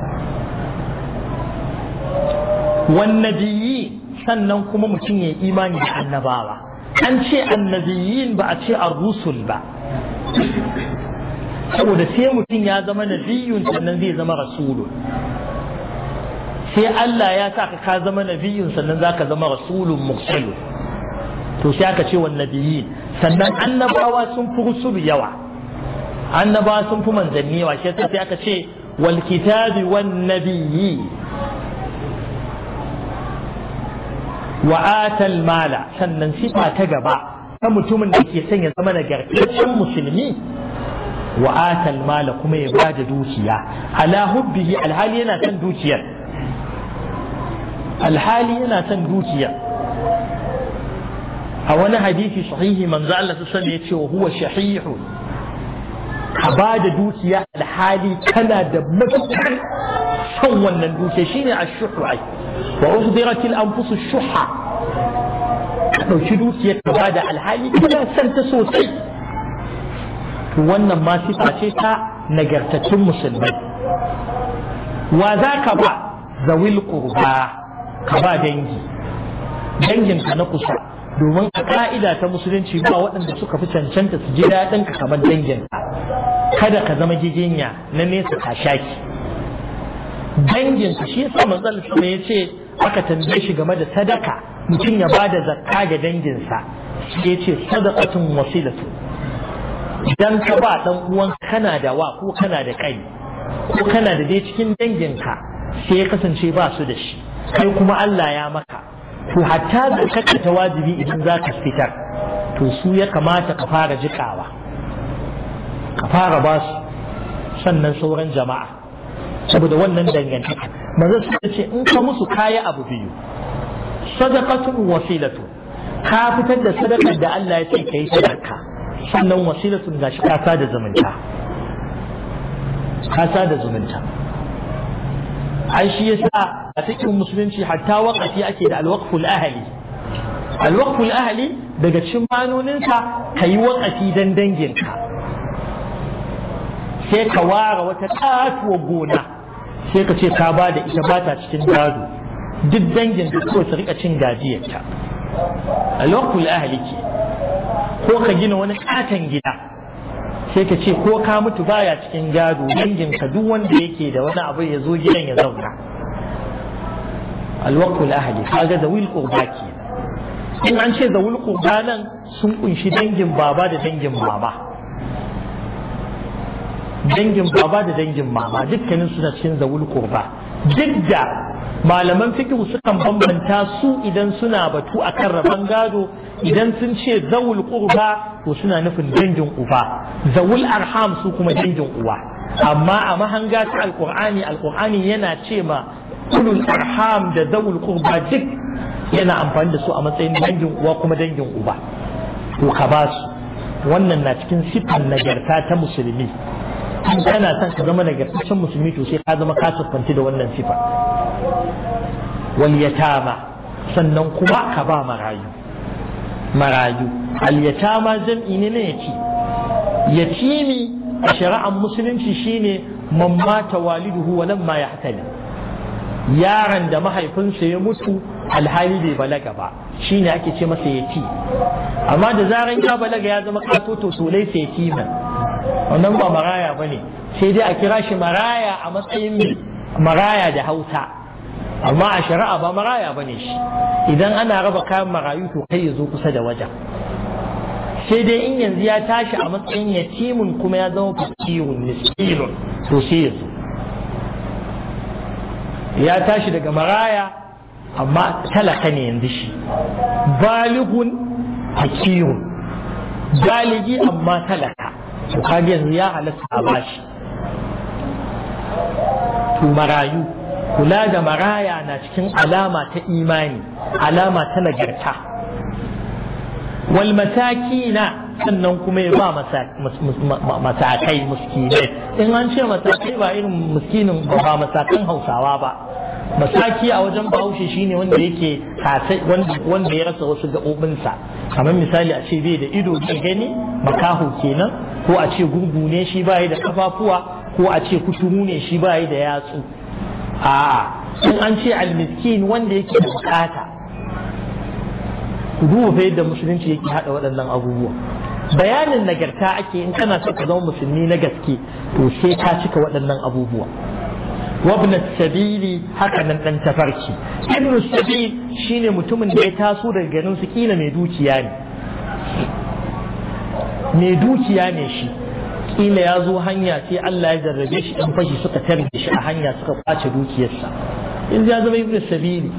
wannabiyi sannan kuma mutum ya imani da annabawa an ce annabiyin ba a ce a rusul ba saboda sai mutum ya zama biyun sannan zai zama rasulu sai Allah ya sa ka ka zama biyun sannan ka zama rasulun mursalu to sai aka ce wan nabiyin sannan annabawa sun fi rusulu yawa annabawa sun fi manzanni yawa shi sai aka ce wal kitabi wan nabiyyi wa atal mala sannan sifa ta gaba ta mutumin da ke son ya zama nagartaccen musulmi wa atal mala kuma ya bada dukiya ala hubbihi alhali yana son dukiyar alhali yana son dukiyar a wani hadisi sahihi manzo Allah sallallahu ya ce wa huwa shahihu ka bada dukiya alhali kana da matukar son wannan dukiya shine ashuhu ai wa uhdiratil anfusu shuha ka dauki dukiyar ka bada alhali kana son ta sosai to wannan ma sifa ce ta nagartattun musulmai wa za ka ba zawil ƙurba ka ba dangi danginka na kusa domin a ka'ida ta musulunci ba waɗanda suka fi cancanta su ji daɗinka ka kamar ka. kada ka zama giginya na nesa ka shaki danginka shi yasa manzon sama ya ce aka tambaye shi game da sadaka mutum ya ba da zakka ga danginsa shi ya ce sadaqatun wasilatu idan ka ba dan uwan kana da wa ko kana da kai ko kana da dai cikin danginka sai ya kasance ba su da shi kai kuma Allah ya maka to hatta kake ta wajibi idan za ka fitar to su ya kamata ka fara jikawa ka fara ba su sannan sauran jama'a saboda wannan dangantaka manzo suka ce in ka musu kaya abu biyu sadaqatun wasilatu ka fitar da sadakar da Allah ya ce kai sadaqa sannan wasilatun gashi kasa da zumunta kasa da zumunta ai shi yasa a cikin musulunci hatta waqafi ake da alwaqful ahli alwaqful ahli daga cikin ka yi waqafi dan danginka sai ka wara wata katuwa gona sai ka ce ka ba da ita ba ta cikin gado duk dangin da su rika cin gajiyarta alwaqful ahli ke ko ka gina wani katon gida sai ka ce ko ka mutu baya cikin gado dangin ka duk wanda yake da wani abu ya zo gidan ya zauna alwaqtul ahli ga zawil qurba ke in an ce zawil qurba nan sun kunshi dangin baba da dangin mama dangin baba da dangin mama dukkanin suna cikin zawul qurba duk da malaman fikihu sukan bambanta su idan suna batu a kan rabon gado idan sun ce zawul ƙurba to suna nufin dangin uba zawul arham su kuma dangin uwa amma a mahanga ta alƙur'ani alƙur'ani yana ce ma ulul arham da zawul ƙurba duk yana amfani da su a matsayin dangin uwa kuma dangin uba to ka ba su wannan na cikin siffar nagarta ta musulmi in kana son ka zama nagartaccen musulmi to sai ka zama ka siffanci da wannan sifa wal sannan kuma ka ba marayu marayu al jam'i ne na yaci yatimi a shari'ar musulunci shine man mata waliduhu wa lam ma yahtali yaron da mahaifinsa ya mutu alhali bai balaga ba shine ake ce masa yati amma da zaran ya balaga ya zama kato to solai sai yatiman wannan ba maraya ne sai dai a kira shi maraya a matsayin maraya da hausa amma a shari'a ba maraya bane shi idan ana raba kayan marayu to kai ya zo kusa da wajen sai dai in yanzu ya tashi a matsayin yatimin kuma ya zama fakirun miskinun to sai ya zo ya tashi daga maraya amma talaka ne yanzu shi balighun hakiyun baligi amma talaka to kage yanzu ya halatta a bashi to marayu kula da maraya na cikin alama ta imani alama ta nagarta wal matakina sannan kuma ya ba matakai muskinai in an ce matakai ba irin muskinin ba masakan hausawa ba mataki a wajen bahaushe shine wanda yake wanda ya rasa wasu gaɓoɓinsa kamar misali a ce bai da ido bai gani makaho kenan ko a ce gungu ne shi ba da kafafuwa ko a ce kuturu ne shi ba da yatsu a in an ce almiskin wanda yake da bukata ku duba yadda musulunci yake haɗa waɗannan abubuwa bayanin nagarta ake in kana so ka zama musulmi na gaske to sai ka cika waɗannan abubuwa وابن السبيل هكذا أن تفركي ابن السبيل شين متمن بيتاسو دقنون سكينة ميدوكي يعني dukiya ne shi. Ƙila ya zo hanya sai Allah ya jarrabe shi in fashi suka tarbe shi a hanya suka kwace dukiyarsa in ya zama ibnu sabili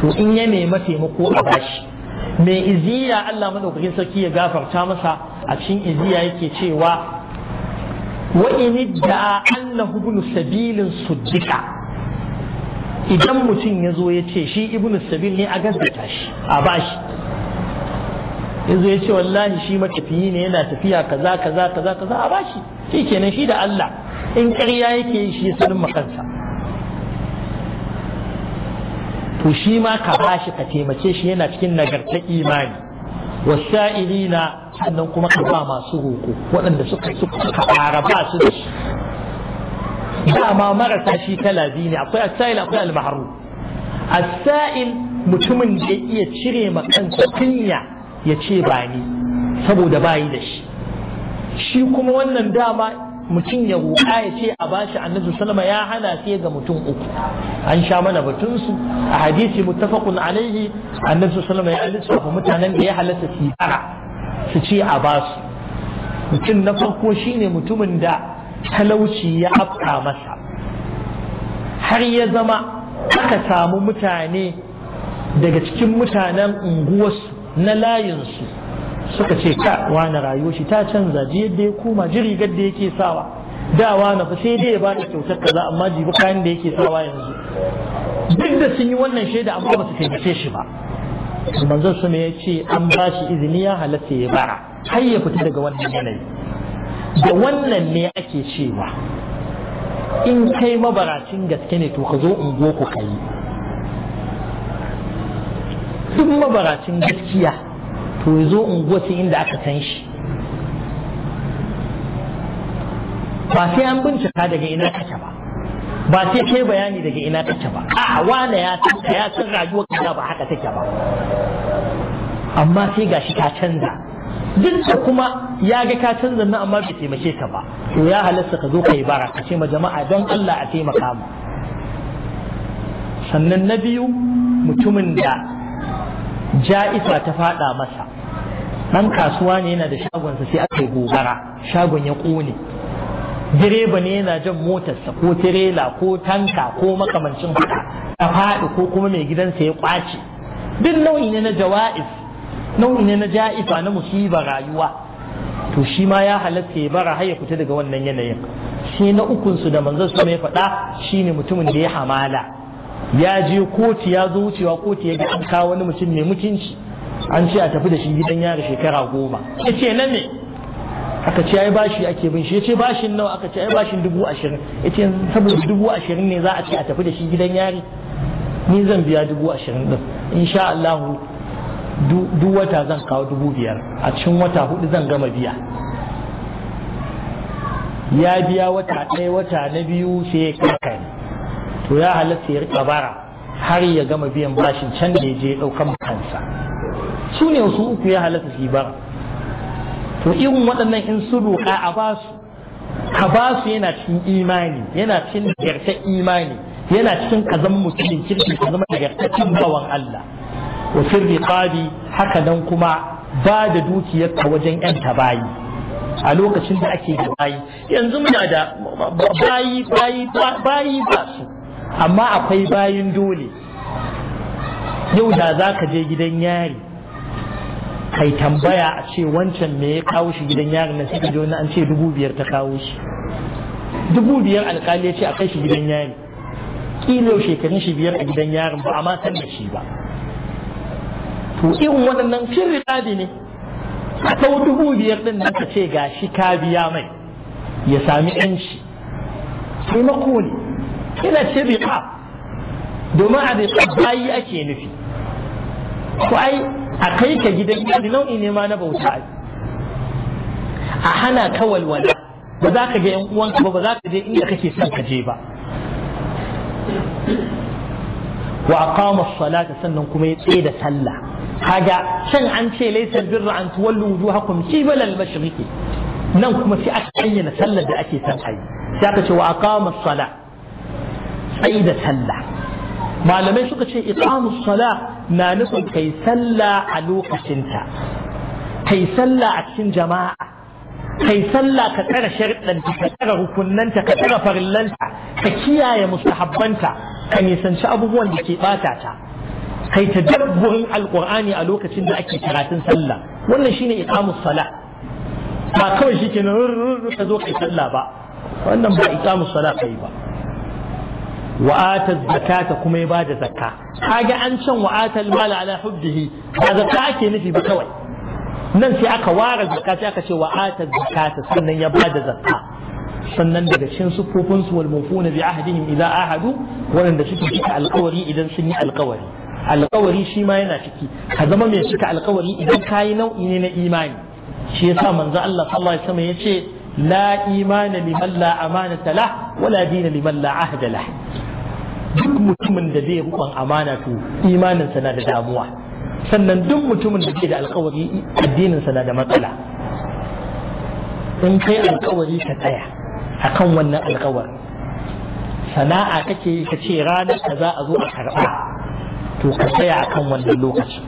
to in ya nema mataimako a bashi mai iziya Allah madaukakin sarki ya gafarta masa a cikin iziya yake cewa وإن ادعى أنه ibn سبيل صدق idan mutum yazo yace shi ibn sabil ne a gaskata shi a bashi ya zo wallahi shi matafiyi ne yana tafiya kaza kaza kaza kaza a bashi shi kenan shi da Allah in ƙarya yake yi shi ya sanin makansa to shi ma ka bashi ka taimake shi yana cikin nagartar imani wasa'ilina sannan kuma ka ba masu roƙo waɗanda suka suka ƙara ba su da shi dama marasa shi kala biyu ne akwai asa'il akwai almaharu asa'il mutumin da ya iya cire ma kansa kunya ya ce ba ni saboda bayi da shi shi kuma wannan dama mutum ya roƙa ya ce a bashi annabi sallama ya hana sai ga mutum uku an sha mana batun su a hadisi muttafaqun alaihi annabi sallama ya lissafa mutanen da ya halatta su tsara su ce a basu mutum na farko shine mutumin da talauci ya afka masa har ya zama aka samu mutane daga cikin mutanen unguwarsu na layinsu suka ce ka wani rayuwa shi ta canza ji yadda ya koma ji rigar da yake sawa da wani fa sai dai ya bada kyautar kaza amma jibi kayan da yake sawa yanzu duk da sun yi wannan shaida amma ba su taimake shi ba manzon su ne ya ce an ba shi izini ya halatta ya bara har ya fita daga wannan yanayi da wannan ne ake cewa in kai mabaracin gaske ne to ka zo in ku kai duk mabaracin gaskiya to ya zo sai inda aka san shi ba sai an bincika daga ina kake ba ba sai kai bayani daga ina kake ba a wane ya san ya san rayuwar kaza ba haka take ba amma sai gashi ta canza duk da kuma ya ga ka canza na amma bai taimake ka ba to ya halasta ka zo ka yi bara ka ce ma jama'a don Allah a taimaka mu sannan na biyu mutumin da ja'ifa ta faɗa masa ɗan kasuwa ne yana da shagonsa sai aka yi gobara shagon ya ƙone. direba ne yana jan motarsa ko tirela ko tanka ko makamancin haka ta faɗi ko kuma mai gidansa ya kwace duk nau'i ne na jawa'is, nau'i ne na ja'ifa na musiba rayuwa to shi ma ya halatta ya bara har ya fita daga wannan yanayin sai na ukunsu da manzon su mai faɗa shine mutumin da ya hamala ya je kotu ya zo wucewa kotu ya ga an kawo wani mutum mai mutunci an ce a tafi da shi gidan yari shekara goma ya ce nan ne aka ce ai bashi ake bin shi ya ce bashin nawa aka ce ai bashin dubu ashirin ya ce saboda dubu ashirin ne za a ce a tafi da shi gidan yari ni zan biya dubu ashirin din insha Allah duk wata zan kawo dubu biyar a cikin wata hudu zan gama biya ya biya wata ɗaya wata na biyu sai ya kai to ya halatta ya rika bara har ya gama biyan bashin can da ya je ɗaukan kansa su ne su uku ya halatta su yi bara to irin waɗannan in su roƙa a ba su ka ba yana cikin imani yana cikin yarta imani yana cikin kazan mutumin kirki ka zama da'yarta bawan Allah wa firri qadi haka nan kuma ba da dukiyar ka wajen yan tabayi a lokacin da ake da bayi yanzu muna da bayi bayi bayi ba su amma akwai bayin dole yau da za ka je gidan yari kai tambaya a ce wancan me ya kawo shi gidan yari na suka ji wani an ce dubu biyar ta kawo shi dubu biyar alkali ya ce a kai shi gidan yari kilo shekarun shi biyar a gidan yarin ba a ma san da shi ba to irin waɗannan fin riƙaɗi ne a ɗau dubu biyar ɗin nan ka ce ga shi ka biya mai ya sami 'yanci taimako ne Ina ce riƙa domin a riƙa bayi ake nufi ko ai a kai ka gidan yari nau'i ne ma na bauta a hana ka walwala ba za ka ga yan uwanka ba ba za ka je inda kake son ka je ba wa aqama salata sannan kuma ya tsaye da sallah kaga can an ce laysa birra an tuwallu wujuhakum qibala al-mashriqi nan kuma sai aka ayyana sallar da ake son ayi sai aka ce wa aqama salat sai da sallah malamai suka ce iqamus sala na nufin kai sallah a lokacinta kai sallah a cikin jama'a kai sallah ka tsara sharɗanta ka tsara rukunnanta ka tsara farillanta ka kiyaye mustahabbanta ka nisanci abubuwan da ke bata ta kai ta dabburin alqur'ani a lokacin da ake karatun sallah wannan shine iqamus sala ba kawai shikenan ka zo kai sallah ba wannan ba iqamus sala kai ba wa'ata zakata kuma ya bada zakka kaga an can wa'ata al ala hubbihi ba zakka ake nufi ba kawai nan sai aka ware zakka sai aka ce wa'ata zakata sannan ya bada zakka sannan daga cikin sufufin su wal mufuna bi ahdihim idza ahadu wanda suke cika alkawari idan sun yi alkawari alkawari shi ma yana ciki ka zama mai cika alkawari idan kayi nau'i ne na imani shi yasa manzo Allah sallallahu alaihi wasallam yace la imana liman la amanata lah wala dina liman la ahda lah duk mutumin da zai rukun amana to imaninsa na da damuwa sannan duk mutumin da ke da alkawari addininsa na da matsala in kai alkawari ka tsaya akan wannan alkawari sana'a kake ka ce ranar ka za a zo a karɓa to ka tsaya akan wannan lokaci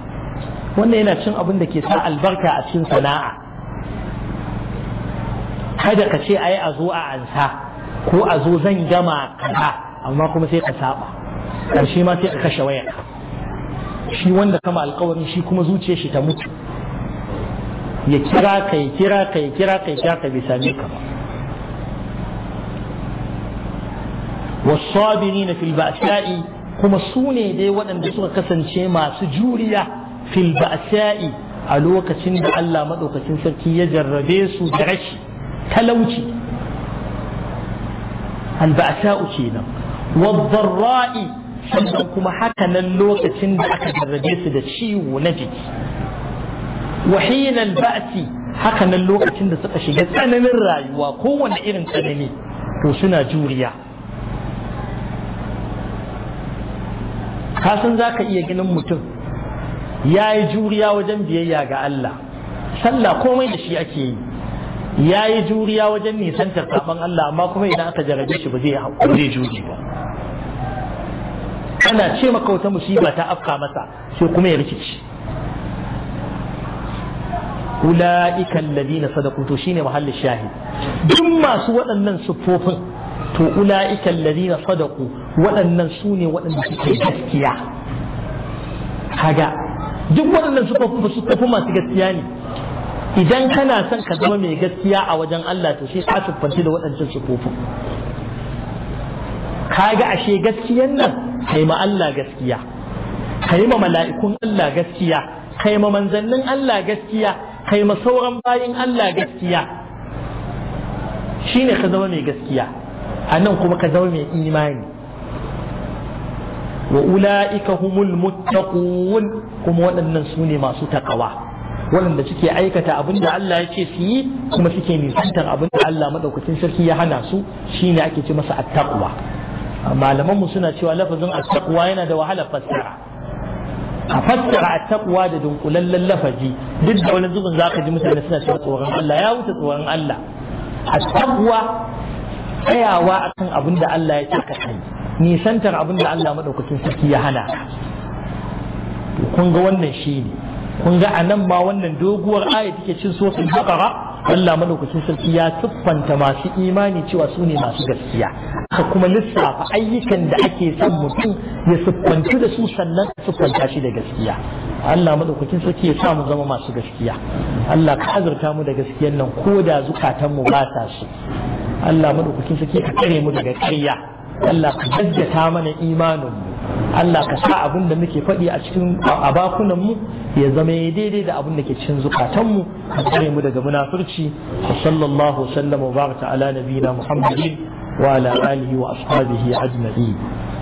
wannan yana cin abin da ke sa albarka a cikin sana'a kada ka ce ai a zo a ansa ko a zo zan gama kaza amma kuma sai ka saba ƙarshe ma sai a kashe wayar shi wanda kama alkawarin shi kuma zuciya shi ta mutu ya kira ka ya kira ka ya kira ka ya kira ka bai same ka ba wasabiri na filba'asya'i kuma su ne dai waɗanda suka kasance masu juriya filba'asya'i a lokacin da Allah maɗaukacin sarki ya jarrabe su da rashi talauci al ba'asa'u kenan والضراء sannan kuma haka nan lokacin da aka jarrabe su da ciwo na jiki wahinan ba'si haka nan lokacin da suka shiga tsananin rayuwa kowane irin tsanani to suna juriya kasan za ka iya ganin mutum ya yi juriya wajen biyayya ga Allah sallah komai da shi ake yi ya yi juriya wajen nisantar saban Allah amma kuma idan aka jarabe shi ba zai zai juri ba ana ce maka wata musiba ta afka masa sai kuma ya rikici ula'ika Ladina Sadaku to shine mahallin shahid duk masu waɗannan siffofin to ula'ika Ladina Sadaku waɗannan su ne waɗanda suke gaskiya kaga duk waɗannan siffofin su tafi masu gaskiya ne idan kana son ka zama mai gaskiya a wajen Allah to shi ka tuffanci da waɗancan Ka ga ashe gaskiyan nan kai ma Allah gaskiya kai ma mala'ikun Allah gaskiya kai ma manzannin Allah gaskiya kai ma sauran bayin Allah gaskiya shine ka zama mai gaskiya a nan kuma ka zama mai imani wa ula'ika humul muttaqun kuma waɗannan su ne masu takawa waɗanda suke aikata abin da Allah ya ce su yi kuma suke nisantar abin da Allah madaukakin sarki ya hana su shine ake ce masa attaqwa malamanmu suna cewa lafazin attaqwa yana da wahala fassara a fassara attaqwa da dunkulallen lafazi duk da wani zubin zaka ji mutane suna cewa tsoron Allah ya wuce tsoron Allah attaqwa tsayawa akan abin da Allah ya ce ka kai nisantar abin da Allah madaukakin sarki ya hana ka kun ga wannan shine kun ga anan ba wannan doguwar aya take cin sosin bakara Allah madaukakin sarki ya tuffanta masu imani cewa su ne masu gaskiya aka kuma lissafa ayyukan da ake son mutum ya siffanci da su sannan siffanta shi da gaskiya Allah madaukakin sarki ya sa mu zama masu gaskiya Allah ka azurta mu da gaskiyan nan ko da zukatan mu ba ta su Allah madaukakin sarki ka kare mu daga ƙarya Allah ka jaddata mana imanin mu Allah ka sa abin da muke faɗi a cikin abakunan mu ya zama ya daidai da abin da ke cikin zukatan mu ka tsare mu daga munafurci sallallahu sallam wa baraka ala nabiyina muhammadin wa ala alihi wa ashabihi ajma'in